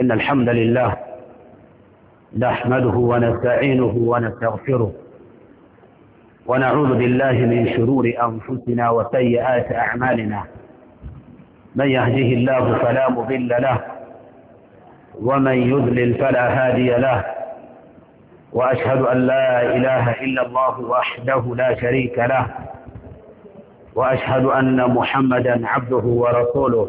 إن الحمد لله نحمده ونستعينه ونستغفره ونعوذ بالله من شرور أنفسنا وسيئات أعمالنا من يهده الله فلا مضل له ومن يذلل فلا هادي له وأشهد أن لا إله إلا الله وحده لا شريك له وأشهد أن محمدا عبده ورسوله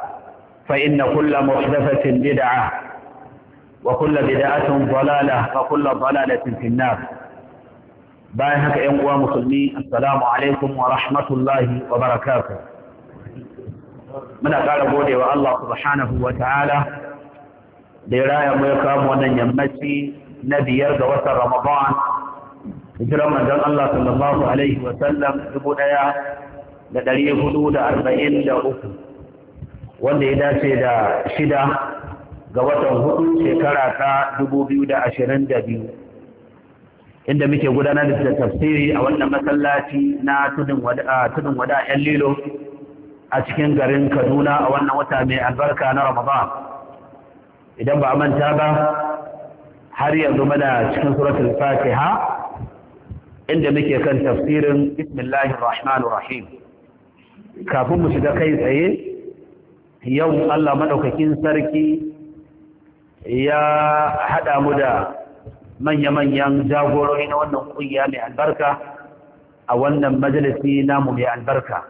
فإن كل محدثة بدعة وكل بدعة ضلالة وكل ضلالة في النار باهك يا مسلمي السلام عليكم ورحمة الله وبركاته من قال بودي والله سبحانه وتعالى ديرايا ميكام ونن يمتي نبي يرد وسر رمضان جرم جل الله صلى الله عليه وسلم يبودايا لدريه حدود أربعين لأخر wanda ya dace da shida ga watan hudu shekara ta 2022 inda muke gudanar da tafsiri a wannan masallaci na tudun wada yan lilo a cikin garin kaduna a wannan wata mai albarka na ramadan idan ba a manta ba har yanzu mana cikin suratul fatiha inda muke kan tafsirin bismillahir rahmanir rahim kafin mu shiga kai tsaye yau Allah maɗaukakin sarki ya haɗa mu da manya-manyan jagorori na wannan ƙungiya mai albarka a wannan majalisi namu mai albarka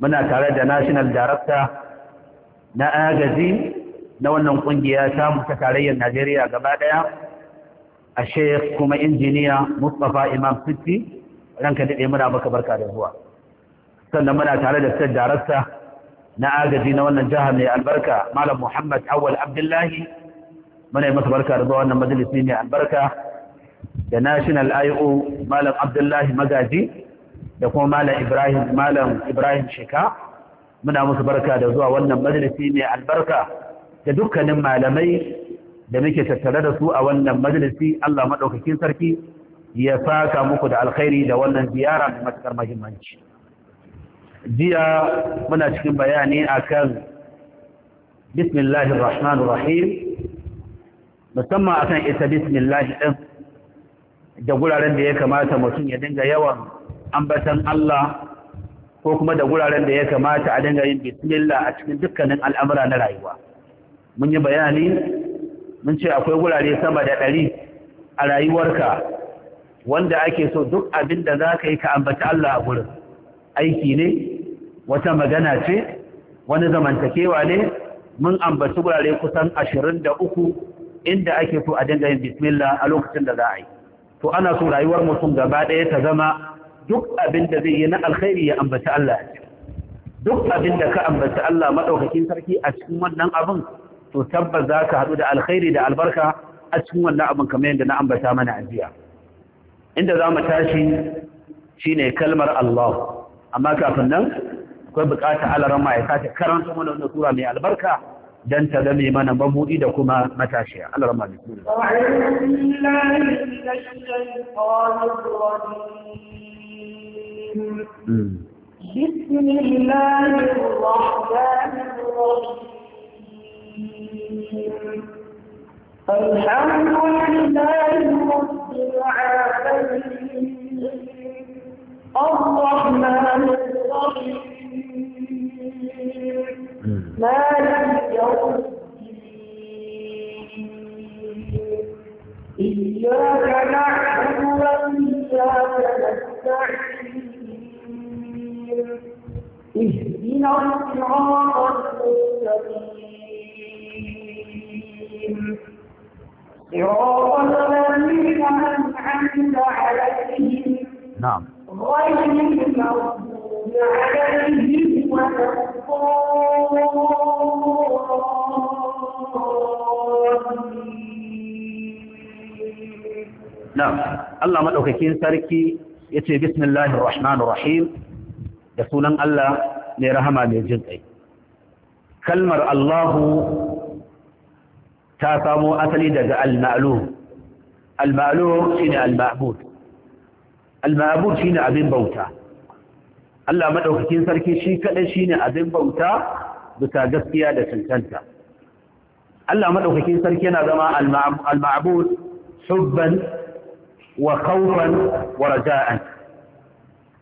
muna tare da national director na agaji na wannan ƙungiya samu ta tarayyar najeriya gaba ɗaya a sheikh kuma injiniya mustapha imam sitti ranka dade muna maka barka da zuwa sannan muna tare da state director na agaji na wannan jihar mai albarka malam muhammad awal abdullahi muna yi masa barka da zuwa wannan majalisi mai albarka da national io malam abdullahi magaji da kuma malam ibrahim malam ibrahim sheka muna musu barka da zuwa wannan majalisi mai albarka da dukkanin malamai da muke tattare da su a wannan majalisi allah maɗaukakin sarki ya saka muku da alkhairi da wannan ziyara mai matuƙar muhimmanci jiya muna cikin bayani akan bismillahir rahmanir rahim musamman akan ita bismillah din da guraren da ya kamata mutum ya dinga yawan ambatan Allah ko kuma da guraren da ya kamata a dinga yin bismillah a cikin dukkanin al'amura na rayuwa mun yi bayani mun ce akwai gurare sama da ɗari a rayuwarka wanda ake so duk abin da za ka yi ka ambata Allah a gurin aiki ne wata magana ce wani zamantakewa ne mun ambaci wurare kusan ashirin da uku inda ake so a dinga yin bismillah a lokacin da za a yi to ana so rayuwar mutum gaba ɗaya ta zama duk abin da zai yi na alkhairi ya ambaci Allah duk abin da ka ambaci Allah maɗaukakin sarki a cikin wannan abin to tabbas za ka haɗu da alkhairi da albarka a cikin wannan abin kamar yadda na ambata mana a jiya inda za mu tashi shine kalmar Allah amma kafin nan akwai bukata alaran ma ya karanta mana wannan sura mai albarka dan ta zame mana mabudi da kuma matashiya alaran ma bismillah بسم الله الرحمن الرحيم الحمد لله رب العالمين الرحمن الرحيم مالك يوم إياك نعبد وإياك نستعين اهدنا الصراط المستقيم صراط الذين أنعمت عليهم نعم نعم الله مدوكين سركي يتي بسم الله الرحمن الرحيم يسولن الله لي رحما لي جزئي كلمة الله تاسمو اصلي دغ المعلوم المعلوم شنو المعبود al-ma'bud shine abin bauta Allah madaukakin sarki shi kadai shine abin bauta bisa gaskiya da cancanta Allah madaukakin sarki yana zama al-ma'bud hubban wa khawfan wa raja'an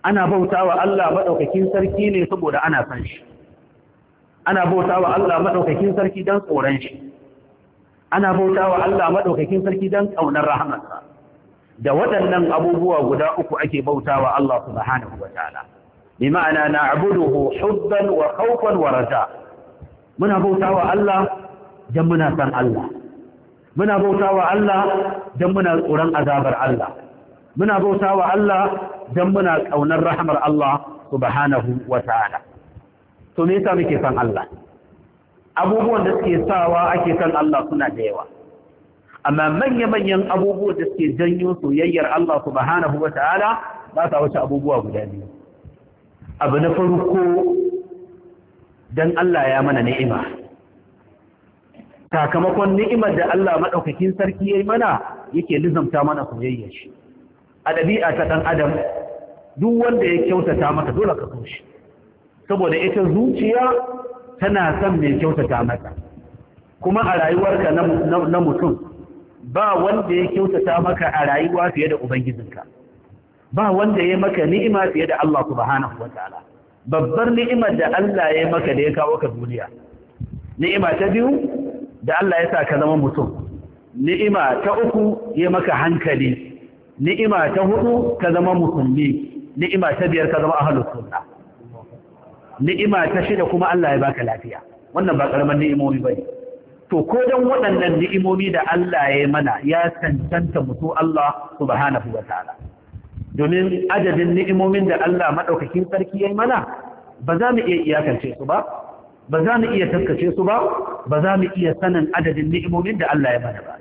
ana bautawa Allah madaukakin sarki ne saboda ana san shi ana bautawa Allah madaukakin sarki dan tsoron shi ana bautawa Allah madaukakin sarki dan kaunar rahamarsa da waɗannan abubuwa guda uku ake bauta wa Allah subhanahu wa ta'ala bi ma'ana na'buduhu hubban wa khawfan wa raja muna bauta wa Allah don muna san Allah muna bauta wa Allah don muna tsoron azabar Allah muna bauta wa Allah don muna ƙaunar rahmar Allah subhanahu wa ta'ala to me yasa muke san Allah abubuwan da suke sawa ake san Allah suna da yawa amma manya-manyan abubuwa da suke janyo soyayyar Allah subhanahu wa ta'ala ba sa wata abubuwa guda biyu abu na farko don Allah ya mana ni'ima sakamakon ni'imar da Allah maɗaukakin sarki ya yi mana yake lizamta mana soyayyar shi a ɗabi'a ta ɗan adam duk wanda ya kyautata mata dole ka so shi saboda ita zuciya tana son mai kyautata mata kuma a rayuwarka na mutum ba wanda ya kyautata maka a rayuwa fiye da ubangijinka ba wanda ya maka ni'ima fiye da Allah subhanahu wataala babbar ni'imar da Allah ya maka da ya kawo ka duniya ni'ima ta biyu da Allah ya sa ka zama mutum ni'ima ta uku ya maka hankali ni'ima ta hudu ka zama musulmi ni'ima ta biyar ka zama ahlus sunna ni'ima ta shida kuma Allah ya baka lafiya wannan ba karaman ni'imomi bane to ko dan waɗannan ni'imomi da Allah ya yi mana ya cancanta mutu Allah subhanahu wa ta'ala domin adadin ni'imomin da Allah maɗaukakin sarki ya yi mana ba za mu iya iyakance su ba ba za mu iya taskace su ba ba za mu iya sanin adadin ni'imomin da Allah ya mana ba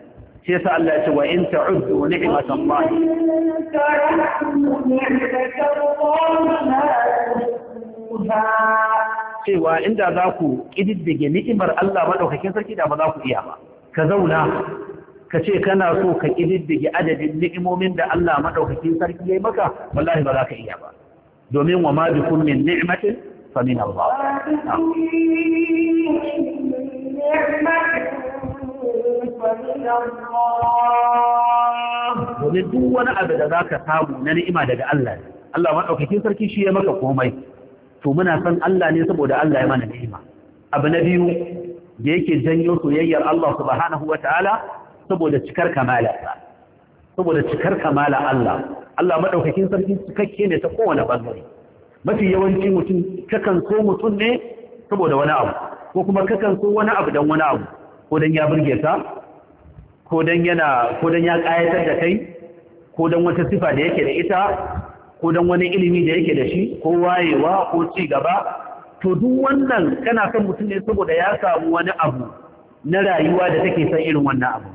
shi yasa Allah ya ce wa in ta'uddu ni'matallahi ta'uddu ni'matallahi cewa inda za ku ƙididdige ni'imar Allah maɗaukakin sarki da ba za ku iya ba ka zauna ka ce kana so ka ƙididdige adadin ni'imomin da Allah maɗaukakin sarki ya yi maka wallahi ba za ka iya ba domin wa ma bikum min ni'matin fa Allah domin duk wani abu da za ka samu na ni'ima daga Allah Allah maɗaukakin sarki shi ya maka komai to muna san Allah ne saboda Allah ya mana ni'ima abu na biyu da yake janyo soyayyar Allah subhanahu wataala saboda cikar kamala saboda cikar kamala Allah Allah madaukakin sarki cikakke ne ta kowane bangare mafi yawanci mutum kakan so mutum ne saboda wani abu ko kuma kakan so wani abu dan wani abu ko dan ya burge ka ko dan yana ko dan ya kayatar da kai ko dan wata sifa da yake da ita ko don wani ilimi da yake da shi ko wayewa ko ci gaba to duk wannan kana son mutum ne saboda ya samu wani abu na rayuwa da take san irin wannan abu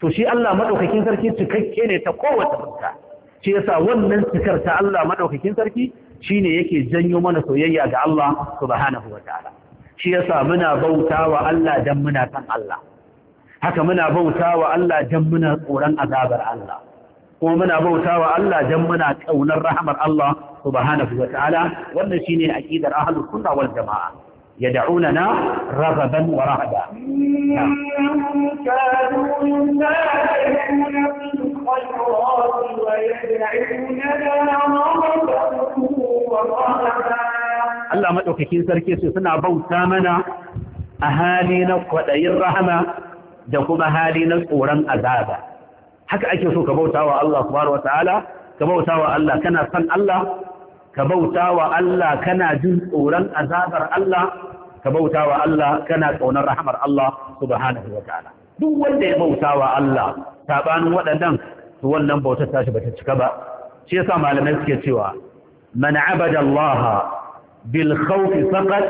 to shi Allah madaukakin sarki cikakke ne ta kowace fuska shi yasa wannan cikar ta Allah madaukakin sarki shine yake janyo mana soyayya ga Allah subhanahu wataala shi yasa muna wa Allah dan muna san Allah haka muna bautawa Allah dan muna tsoron azabar Allah ko muna bautawa Allah dan muna kaunar rahmar Allah subhanahu wa ta'ala wannan shine aqidar ahlus sunna wal jamaa yad'unana raghaban wa rahaba Allah madaukakin sarki su suna bauta mana a hali na kwadayin rahama da kuma hali na tsoron azaba haka ake so ka wa Allah subhanahu wataala ka wa Allah kana san Allah ka wa Allah kana jin tsoron azabar Allah ka wa Allah kana tsoron rahamar Allah subhanahu wataala duk wanda ya bautawa Allah sabanin waɗannan su wannan bautar tashi ta cika ba shi yasa malamai suke cewa man abada Allah bil khawf faqat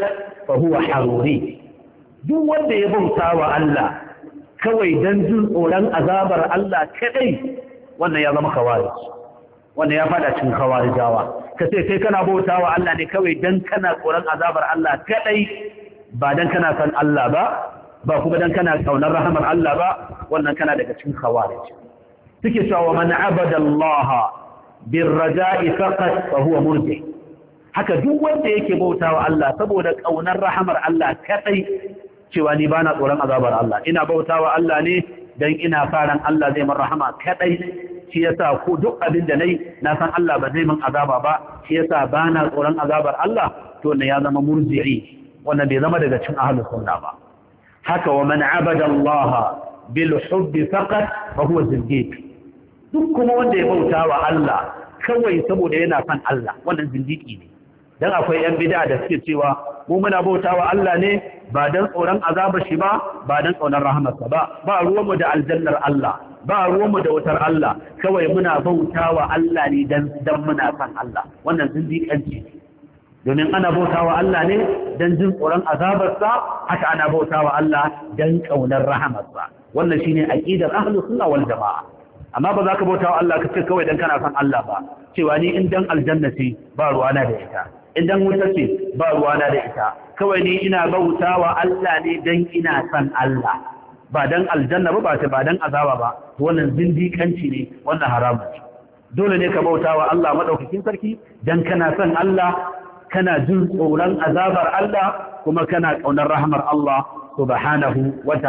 fa huwa haruri duk wanda ya bauta wa Allah kawai don jin tsoron azabar Allah kaɗai wannan ya zama kawari wannan ya faɗa cikin kawari jawa ka ce kai kana bauta wa Allah ne kawai don kana tsoron azabar Allah kaɗai ba don kana san Allah ba ba kuma don kana kaunar rahamar Allah ba wannan kana daga cikin kawari suke cewa man abada Allah bin raja'i faqat fa huwa murji haka duk wanda yake bauta wa Allah saboda kaunar rahamar Allah kaɗai cewa ni bana tsoron azabar Allah ina bautawa Allah ne dan ina faran Allah zai man rahama kadai shi ko duk abin da nayi na san Allah ba zai man azaba ba shi yasa bana tsoron azabar Allah to ne ya zama murji'i wanda bai zama daga cin ahlus sunna ba haka wa man abada Allah bil hubbi faqat fa huwa zindiq duk kuma wanda ya bautawa Allah kawai saboda yana san Allah wannan zindiki ne dan akwai yan bid'a da suke cewa mu muna bautawa Allah ne ba don tsoron azabar shi ba ba don tsoron rahamarsa ba ba ruwanmu da aljannar Allah ba ruwanmu da wutar Allah kawai muna bautawa Allah ne don muna san Allah wannan zindiƙanci domin ana bautawa Allah ne don jin tsoron azabarsa haka ana bautawa Allah dan kaunar rahamarsa wannan shine aqidar ahlus sunna wal jamaa amma ba za ka bauta wa Allah ka ce kawai dan kana son Allah ba cewa ni in dan aljanna ce ba ruwa na da ita idan wuta ce ba ruwana da ita kawai ni ina bauta wa Allah ne dan ina san Allah ba dan aljanna ba ba ta ba dan azaba ba wannan zindikanci ne wannan haramun dole ne ka bauta wa Allah maɗaukakin sarki dan kana san Allah kana jin tsoron azabar Allah kuma kana ƙaunar rahamar Allah subhanahu wa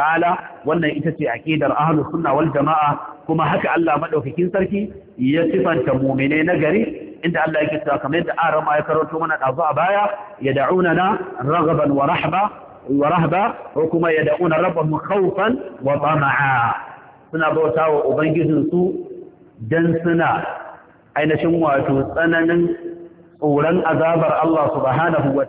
wannan ita ce aqidar ahlus sunna wal jama'a kuma haka Allah madaukakin sarki ya sifanta mu'mine na gari inda Allah yake cewa kamar yadda arama ya karanto mana dazu a baya yad'unana raghaban wa rahba wa rahba ko kuma yad'una rabbahum khawfan wa tama'a suna bautawa ubangijin su dan suna ainihin wato tsananin tsoron azabar Allah subhanahu wa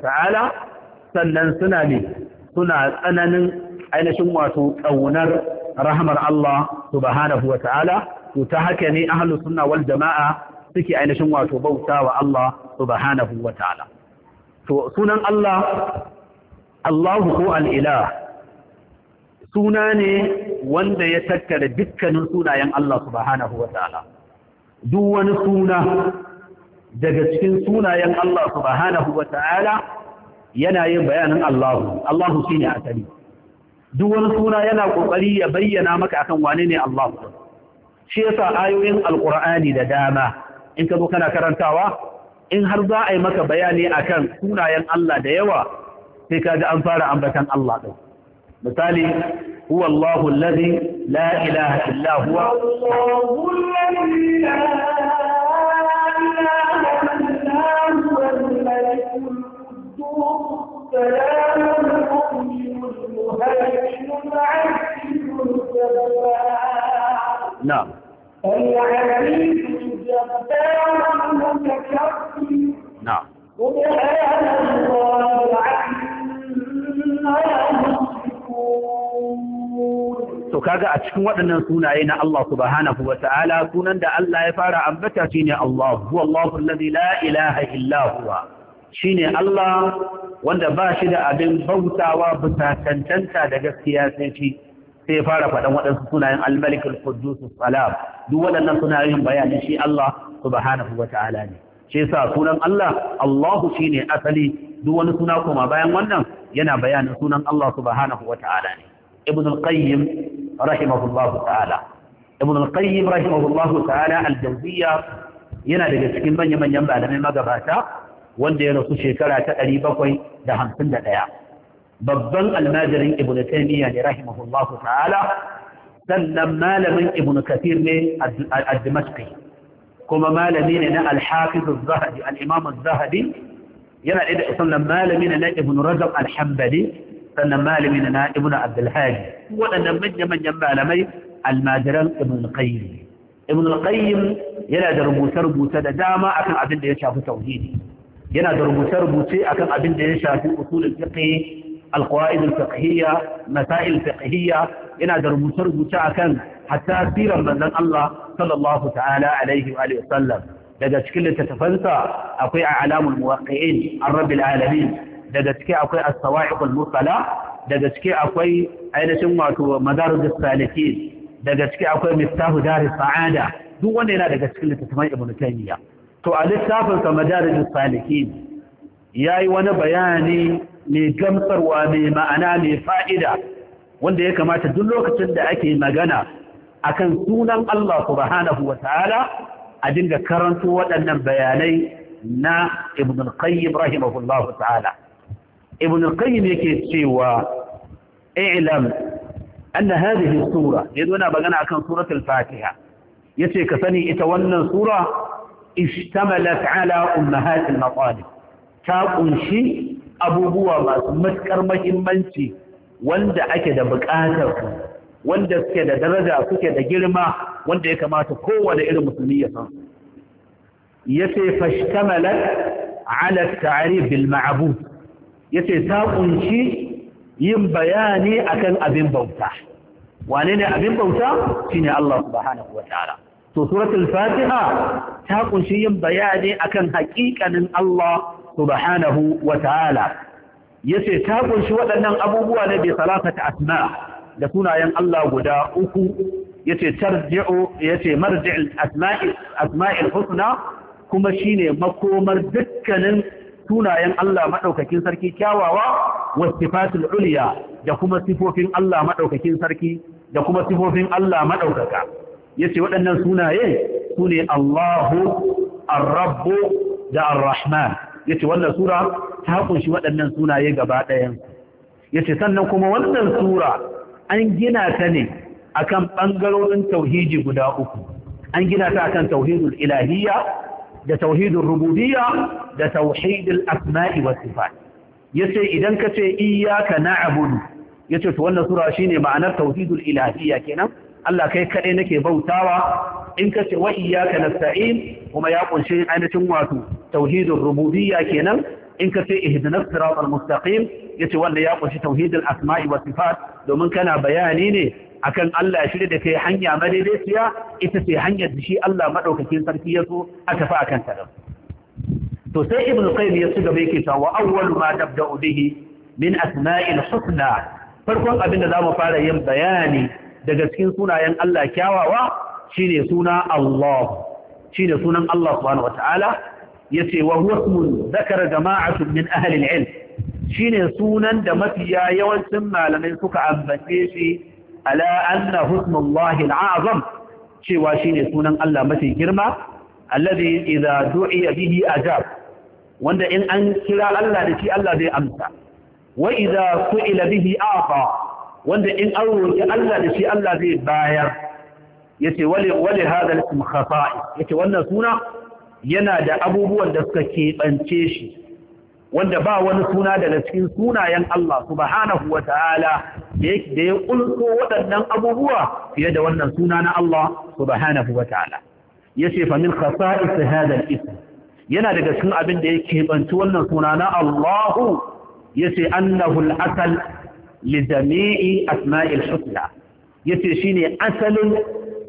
sannan suna ne suna tsananin ainihin wato ƙaunar rahamar Allah subhanahu wa ta'ala to ta haka ne ahlu suna wal jama'a suke ainihin wato bauta wa Allah subhanahu wa ta'ala to sunan Allah Allahu ko al'ila, suna ne wanda ya tattara dukkanin sunayen Allah subhanahu wa ta'ala duk wani suna daga cikin sunayen Allah subhanahu wa ta'ala yana yin bayanin Allahu Allahu shine asali duk wani suna yana ƙoƙari ya bayyana maka akan wane ne Allahu shi yasa ayoyin alqur'ani da dama in ka zo kana karantawa in har za a yi maka bayani akan sunayen Allah da yawa sai ka ji an fara ambatan Allah misali هو الله الذي لا إله إلا هو الله الذي لا السلام المؤمن المهيمن العزيز الجبار نعم العزيز الجبار المتكبر نعم سبحان الله عما To kaga a cikin waɗannan sunaye na Allah subhanahu wa ta'ala sunan da Allah ya fara ambata shine Allah, huwa Allah la ilaha illa huwa. Shine Allah wanda ba shi da abin bautawa bisa cancanta da gaskiya sai shi sai fara faɗan waɗansu sunayen al-malik al-quddus salam duk waɗannan sunayen bayani shi Allah subhanahu ta'ala ne shi yasa sunan Allah Allahu shine asali duk wani suna kuma bayan wannan yana bayanin sunan Allah subhanahu ta'ala ne ibn al-qayyim rahimahullahu ta'ala ibn al-qayyim rahimahullahu ta'ala al-jawziyya yana daga cikin manya-manya manyan malamai magabata wanda ya rasu shekara ta ɗari bakwai da hamsin da ɗaya babban almajirin ibn taymiya ne rahimahullahu ta'ala sannan malamin ibn kathir ne ad-dimashqi kuma malami ne na al-hafiz az-zahabi al-imam yana da sannan malami ne na ibn rajab Alhambali sannan malami ne na ibn abdul hadi waɗannan manyan manyan malamai almajiran ibn qayyim ibn qayyim yana da rubuce-rubuce da dama akan abin da ya shafi tauhidi yana da rubuce-rubuce akan abin da ya shafi usulun fiƙi alƙwa'idun fiƙhiyya masail fiƙhiyya yana da rubuce-rubuce a kan hatta siran manzan Allah sallallahu ta'ala alaihi wa alihi sallam daga cikin littattafansa akwai a alamul muwaqqi'in arrabil alamin daga cikin akwai as-sawa'iqul musalla daga cikin akwai ainihin wato madarijus salikin daga cikin akwai miftahu darus sa'ada duk wanda yana daga cikin littattafan ibnu taymiyyah to a littafinsa madarijin salihin ya yi wani bayani mai gamsarwa mai ma'ana mai fa'ida wanda ya kamata duk lokacin da ake magana akan sunan Allah subhanahu wa ta'ala a dinga karanto waɗannan bayanai na ibn al-qayyim rahimahullahu ta'ala ibn al-qayyim yake cewa i'lam anna hadhihi sura yanzu na magana akan suratul fatiha yace ka sani ita wannan sura ishtamalat ala ummahatil matalib ta kunshi abubuwa masu matukar mahimmanci wanda ake da buƙatar wanda suke da daraja suke da girma wanda ya kamata kowane irin musulmi ya san yace fashtamalat ala ta'rif bil ma'bud yace ta kunshi yin bayani akan abin bauta wane ne abin bauta shine Allah subhanahu wataala to suratul fatiha ta kunshi yin bayani akan hakikanin Allah subhanahu wa ta'ala yace ta kunshi waɗannan abubuwa ne bi salatati asma da sunayen Allah guda uku yace tarji'u yace marji'il asma'i asma'il husna kuma shine makomar dukkanin sunayen Allah madaukakin sarki kyawawa wa sifatul ulya da kuma sifofin Allah madaukakin sarki da kuma sifofin Allah madaukaka yace waɗannan sunaye sune Allahu ar rabbu da Ar-Rahman yace wannan sura ta kunshi waɗannan sunaye gaba ɗayan yace sannan kuma wannan sura an gina ta ne akan ɓangarorin tauhidi guda uku an gina ta akan tauhidul ilahiyya da tauhidul rububiyya da tauhidul asma'i was sifat yace idan kace iyyaka ya ce to wannan sura shine ma'anar tauhidul ilahiyya kenan Allah kai kaɗai nake bautawa in ka ce wa iyyaka nasta'in kuma ya kunshi ainihin wato tauhidur rububiyya kenan in ka ce ihdinas siratal mustaqim yace wanda ya kunshi tauhidul asma'i was sifat domin kana bayani ne akan Allah ya shirya da kai hanya madaidaiciya ita ce hanyar da shi Allah madaukakin sarki ya so a tafi akan ta to sai ibnu qayyim ya ci gaba yake cewa awwalu ma tabda'u bihi min asma'il husna farkon abin da zamu fara yin bayani daga cikin sunayen Allah kyawawa shine suna Allah shine sunan Allah subhanahu ya ce wa huwa ismun dhakara jama'atun min ahli al-ilm shine sunan da mafiya yawancin malamai suka ambace shi ala annahu ismullahi al-azam cewa shine sunan Allah mafi girma alladhi idza du'iya bihi ajab wanda in an kira Allah da shi Allah zai amsa wa idza su'ila bihi afa wanda in an roƙi Allah da shi Allah zai bayar yace wali wali hada ism Ya ce wannan suna yana da abubuwan da suka keɓance shi wanda ba wani suna daga cikin sunayen Allah subhanahu wa ta'ala da ya ƙulso waɗannan abubuwa fiye da wannan suna na Allah subhanahu wa ta'ala. Ya ce, Famin su haɗa ism yana daga cikin abin da ya keɓanci wannan suna na Allahu ya ce, Annahu asal. li jami'i asma'il husna yace shine asalin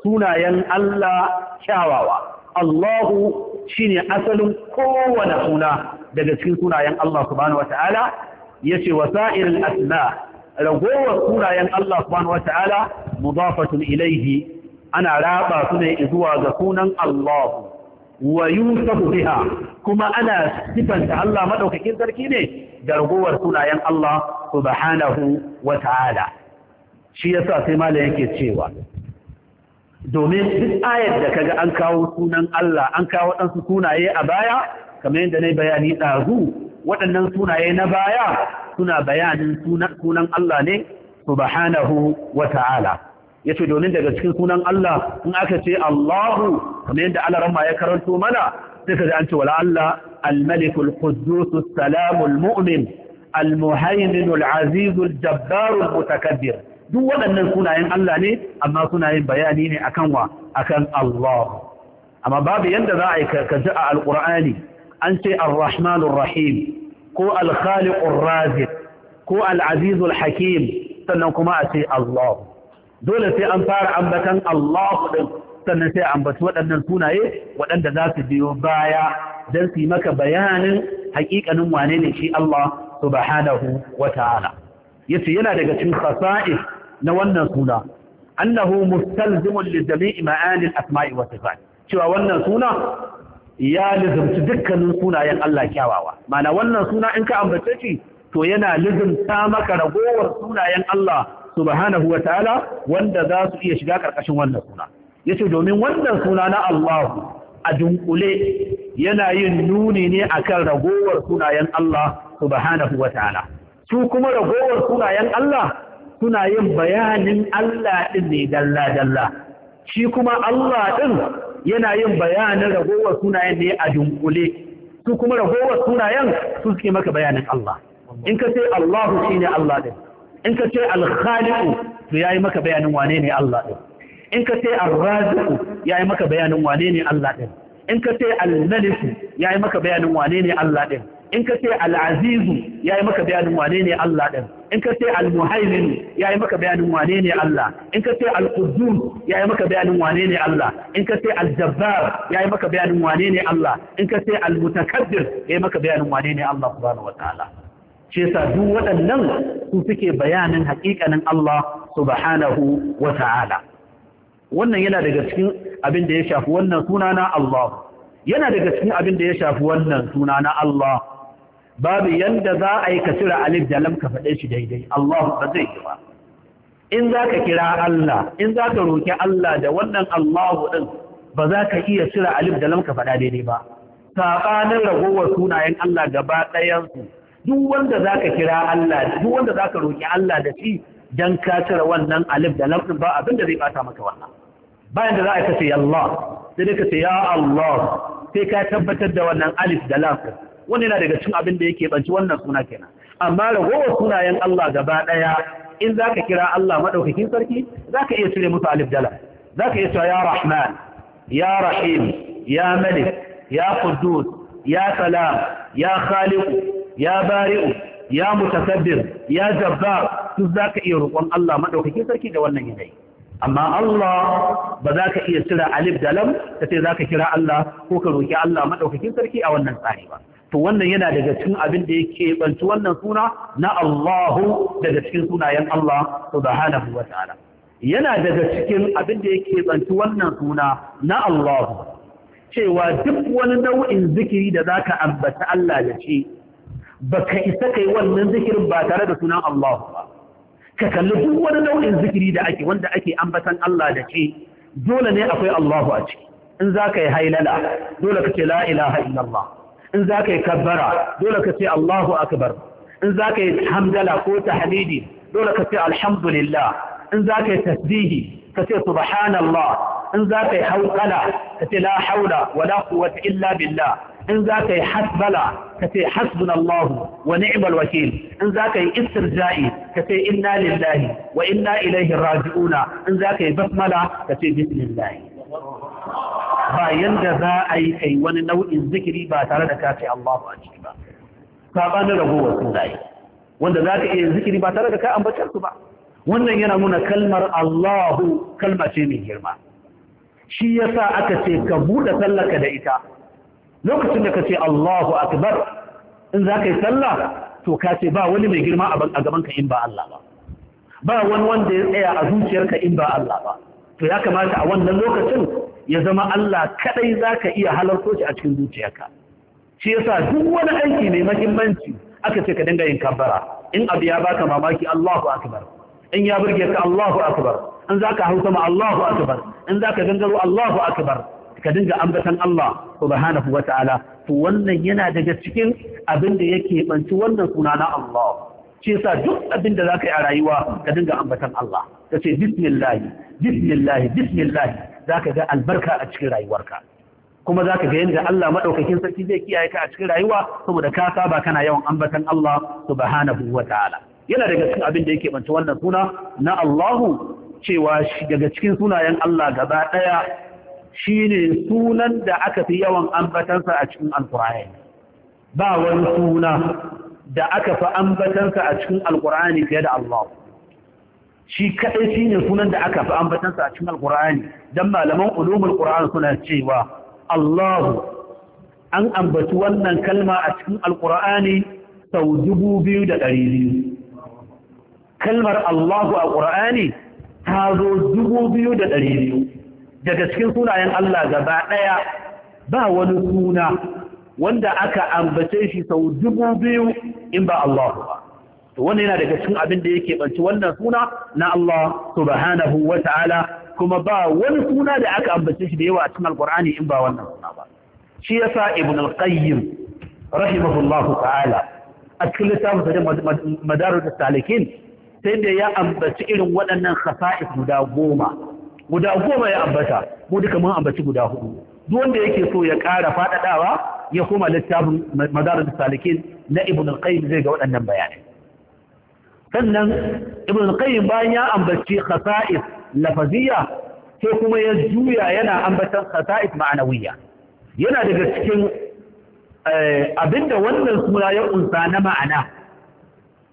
sunayen Allah kyawawa Allahu shine asalin kowane suna daga cikin sunayen Allah subhanahu wataala yace wasa'irul asma ragowar sunayen Allah subhanahu wataala mudafatun ilayhi ana raba su ne izuwa ga sunan Allahu. wa yusafu biha kuma ana sifanta Allah madaukakin sarki ne da ragowar sunayen Allah subhanahu wa ta'ala shi yasa sai malam yake cewa domin duk ayar da kaga an kawo sunan Allah an kawo waɗansu sunaye a baya kamar yadda na bayani ɗazu waɗannan sunaye na baya suna bayanin sunan Allah ne subhanahu wa ta'ala ya ce domin daga cikin sunan Allah in aka ce Allahu kamar yadda Allah ya karanto mana sai ka an ce wala Allah al-malikul salamul mu'min al-muhaymin al-aziz al mutakabbir duk waɗannan sunayen Allah ne amma sunayen bayani ne akan wa akan Allah amma babu yanda za a yi ka ji a alkur'ani an ce arrahmanur rahim ko al-khaliqur raziq ko al-azizul hakim sannan kuma a ce Allah dole sai an fara ambatan Allahu sannan sai ambaci waɗannan sunaye waɗanda za su biyo baya don su yi maka bayanin haƙiƙanin wane ne shi Allah subhanahu wa ta'ala yace yana daga cikin fasa'i na wannan suna annahu mustalzimun li jami'i ma'ani al-asma'i wa sifat cewa wannan suna ya lizumci dukkanin sunayen Allah kyawawa mana wannan suna in ka ambace shi to yana lizumta maka ragowar sunayen Allah subhanahu wa ta'ala wanda za su iya shiga ƙarƙashin wannan suna Ya ce domin wannan suna na Allah a dunkule yana yin nuni ne akan ragowar sunayen Allah subhanahu wa ta'ala su kuma ragowar sunayen Allah suna yin bayanin Allah ɗin ne dalla dalla shi kuma Allah ɗin yana yin bayanin ragowar sunayen ne a dunkule su kuma ragowar sunayen su suke maka bayanin Allah in ka ce Allahu ne Allah ɗin. in ka ce alkhaliku to ya yi maka bayanin wane ne Allah ɗin in ka ce arraziku ya yi maka bayanin wane ne Allah ɗin in ka ce almaliku ya yi maka bayanin wane ne Allah ɗin in ka ce al'azizu ya yi maka bayanin wane ne Allah ɗin in ka ce al-muhaimin ya yi maka bayanin wane ne Allah in ka ce al-qudus ya yi maka bayanin wane ne Allah in ka ce al-jabbar ya yi maka bayanin wane ne Allah in ka ce al-mutakaddir ya yi maka bayanin wane ne Allah subhanahu wa ta'ala shi yasa duk waɗannan su suke bayanin haƙiƙanin Allah subhanahu wa ta'ala wannan yana daga cikin abin da ya shafi wannan suna na Allah yana daga cikin abin da ya shafi wannan suna na Allah babu yanda za a yi ka cira alif da lam ka faɗe shi daidai Allah ba zai yi ba in za ka kira Allah in za ka roƙi Allah da wannan Allah din ba za ka iya cira alif da lam ka faɗa daidai ba saɓanin ragowar sunayen Allah gaba ɗayansu duk wanda za ka kira Allah duk wanda za ka roƙi Allah da shi don ka cire wannan alif da lamɗin ba abin da zai ɓata maka wannan bayan da za a kace Allah sai dai kace ya Allah sai ka tabbatar da wannan alif da lamɗin wani yana daga cin abin da yake banci wannan suna kenan amma ragowar sunayen Allah gaba ɗaya in za ka kira Allah maɗaukakin sarki za ka iya cire musu alif da lamɗin za ka iya cewa ya Rahman ya Rahim ya Malik ya Quddus ya Salam ya Khaliq ya bari'u ya mutakabbir ya jabbar duk zaka iya roƙon Allah madaukakin sarki da wannan yanayi amma Allah ba za ka iya cira alif da lam ta ce za ka kira Allah ko ka roƙi Allah maɗaukakin sarki a wannan tsari ba. To wannan yana daga cikin abin da yake banci wannan suna na Allahu daga cikin sunayen Allah subhanahu wa ta'ala. Yana daga cikin abin da yake banci wannan suna na Allahu cewa duk wani nau'in zikiri da za ka ambata Allah da shi baka isa kai wannan zikirin ba tare da sunan Allah ba ka kalli duk wani nau'in zikiri da ake wanda ake ambatan Allah da ke dole ne akwai Allahu a ciki in za ka yi hailala dole ka ce la ilaha illallah in za ka yi kabbara dole ka ce Allahu akbar in za ka yi hamdala ko tahmidi dole ka ce alhamdulillah in za ka yi tasbihi ka ce subhanallah in za ka yi hawqala ka ce la haula wala quwwata illa billah in za ka yi hasbala ka ce hasbunallahu wa ni'mal wakil in zaka yi istirja'i ka ce inna lillahi wa inna ilaihi raji'una in zaka yi basmala ka ce bismillah ba yanda za a yi kai wani nau'in zikiri ba tare da ka ce Allahu a ciki ba sabanin ragowar sunaye wanda zaka iya zikiri ba tare da ka ambatar su ba wannan yana nuna kalmar Allahu kalma ce mai girma shi yasa aka ce ka buɗe sallarka da ita lokacin da ka ce Allahu akbar in za ka yi sallah to ka ce ba wani mai girma a gaban ka in ba Allah ba ba wani wanda ya tsaya a zuciyarka in ba Allah ba to ya kamata a wannan lokacin ya zama Allah kadai za ka iya halarto shi a cikin zuciyarka shi yasa duk wani aiki mai mahimmanci aka ce ka dinga yin kabbara in abu ya baka mamaki Allahu akbar in ya burge ka Allahu akbar in zaka hausa ma Allahu akbar in zaka gangaro Allahu akbar ka dinga ambatan Allah subhanahu wa ta'ala to wannan yana daga cikin abin da yake banci wannan suna na Allah shi sa duk abin da zaka yi a rayuwa ka dinga ambatan Allah ka ce bismillahi bismillahi. Za zaka ga albarka a cikin rayuwarka kuma zaka ga yanda Allah madaukakin sarki zai kiyaye ka a cikin rayuwa saboda ka saba kana yawan ambatan Allah subhanahu wa ta'ala yana daga cikin abin da yake banci wannan suna na Allahu cewa daga cikin sunayen Allah gaba ɗaya. Shi ne sunan da aka fi yawan ambatansa a cikin alkur'ani ba wani suna da aka fi ambatansa a cikin alkur'ani fiye da Allah shi kaɗai shi ne sunan da aka fi ambatansa a cikin alkur'ani Don malaman ulumul qur'an suna cewa Allah an ambaci wannan kalma a cikin alkur'ani sau dubu biyu da ɗari biyu. kalmar Allahu a qur'ani ta zo biyu. daga cikin sunayen Allah gaba ɗaya ba wani suna wanda aka ambace shi sau dubu biyu in ba Allah ba wannan yana daga cikin abin da yake banci wannan suna na Allah subhanahu wa ta'ala kuma ba wani suna da aka ambace shi da yawa a cikin alkur'ani in ba wannan suna ba shi yasa ibn al-qayyim rahimahullahu ta'ala a cikin littafin sa madarar salikin sai da ya ambaci irin waɗannan khasa'is guda goma guda goma ya ambata mu duka mun ambaci guda hudu duk wanda yake so ya ƙara faɗaɗawa ya koma littafin madarar salikin na ibn al-qayyim zai ga waɗannan bayanai sannan ibn al-qayyim bayan ya ambaci khasa'is lafaziyya sai kuma ya juya yana ambatan khasa'is ma'anawiyya yana daga cikin eh, abinda wannan suna ya unsa na ma'ana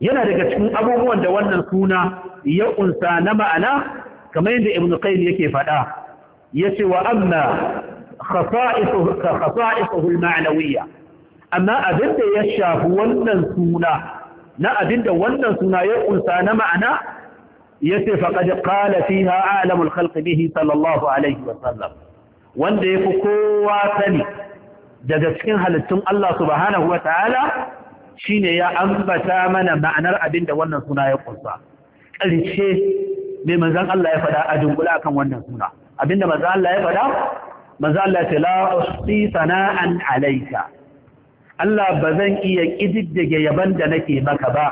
yana daga cikin abubuwan da wannan suna ya unsa na ma'ana kamar yadda ibn qayyim yake faɗa yace wa amma khasa'isuhu khasa'isuhu al-ma'nawiyya amma abinda ya shafi wannan suna na da wannan suna ya kunsa na ma'ana yace faqad qala fiha a'lamu al-khalq bihi sallallahu alaihi wa sallam wanda yafi kowa sani daga cikin halittun Allah subhanahu wa ta'ala shine ya ambata mana ma'anar abinda wannan suna ya kunsa ƙarshe me manzan Allah ya fada a dunkula akan wannan suna abinda manzan Allah ya fada manzan Allah ya la usti sana'an alayka Allah ba zan iya kididdige yaban da nake maka ba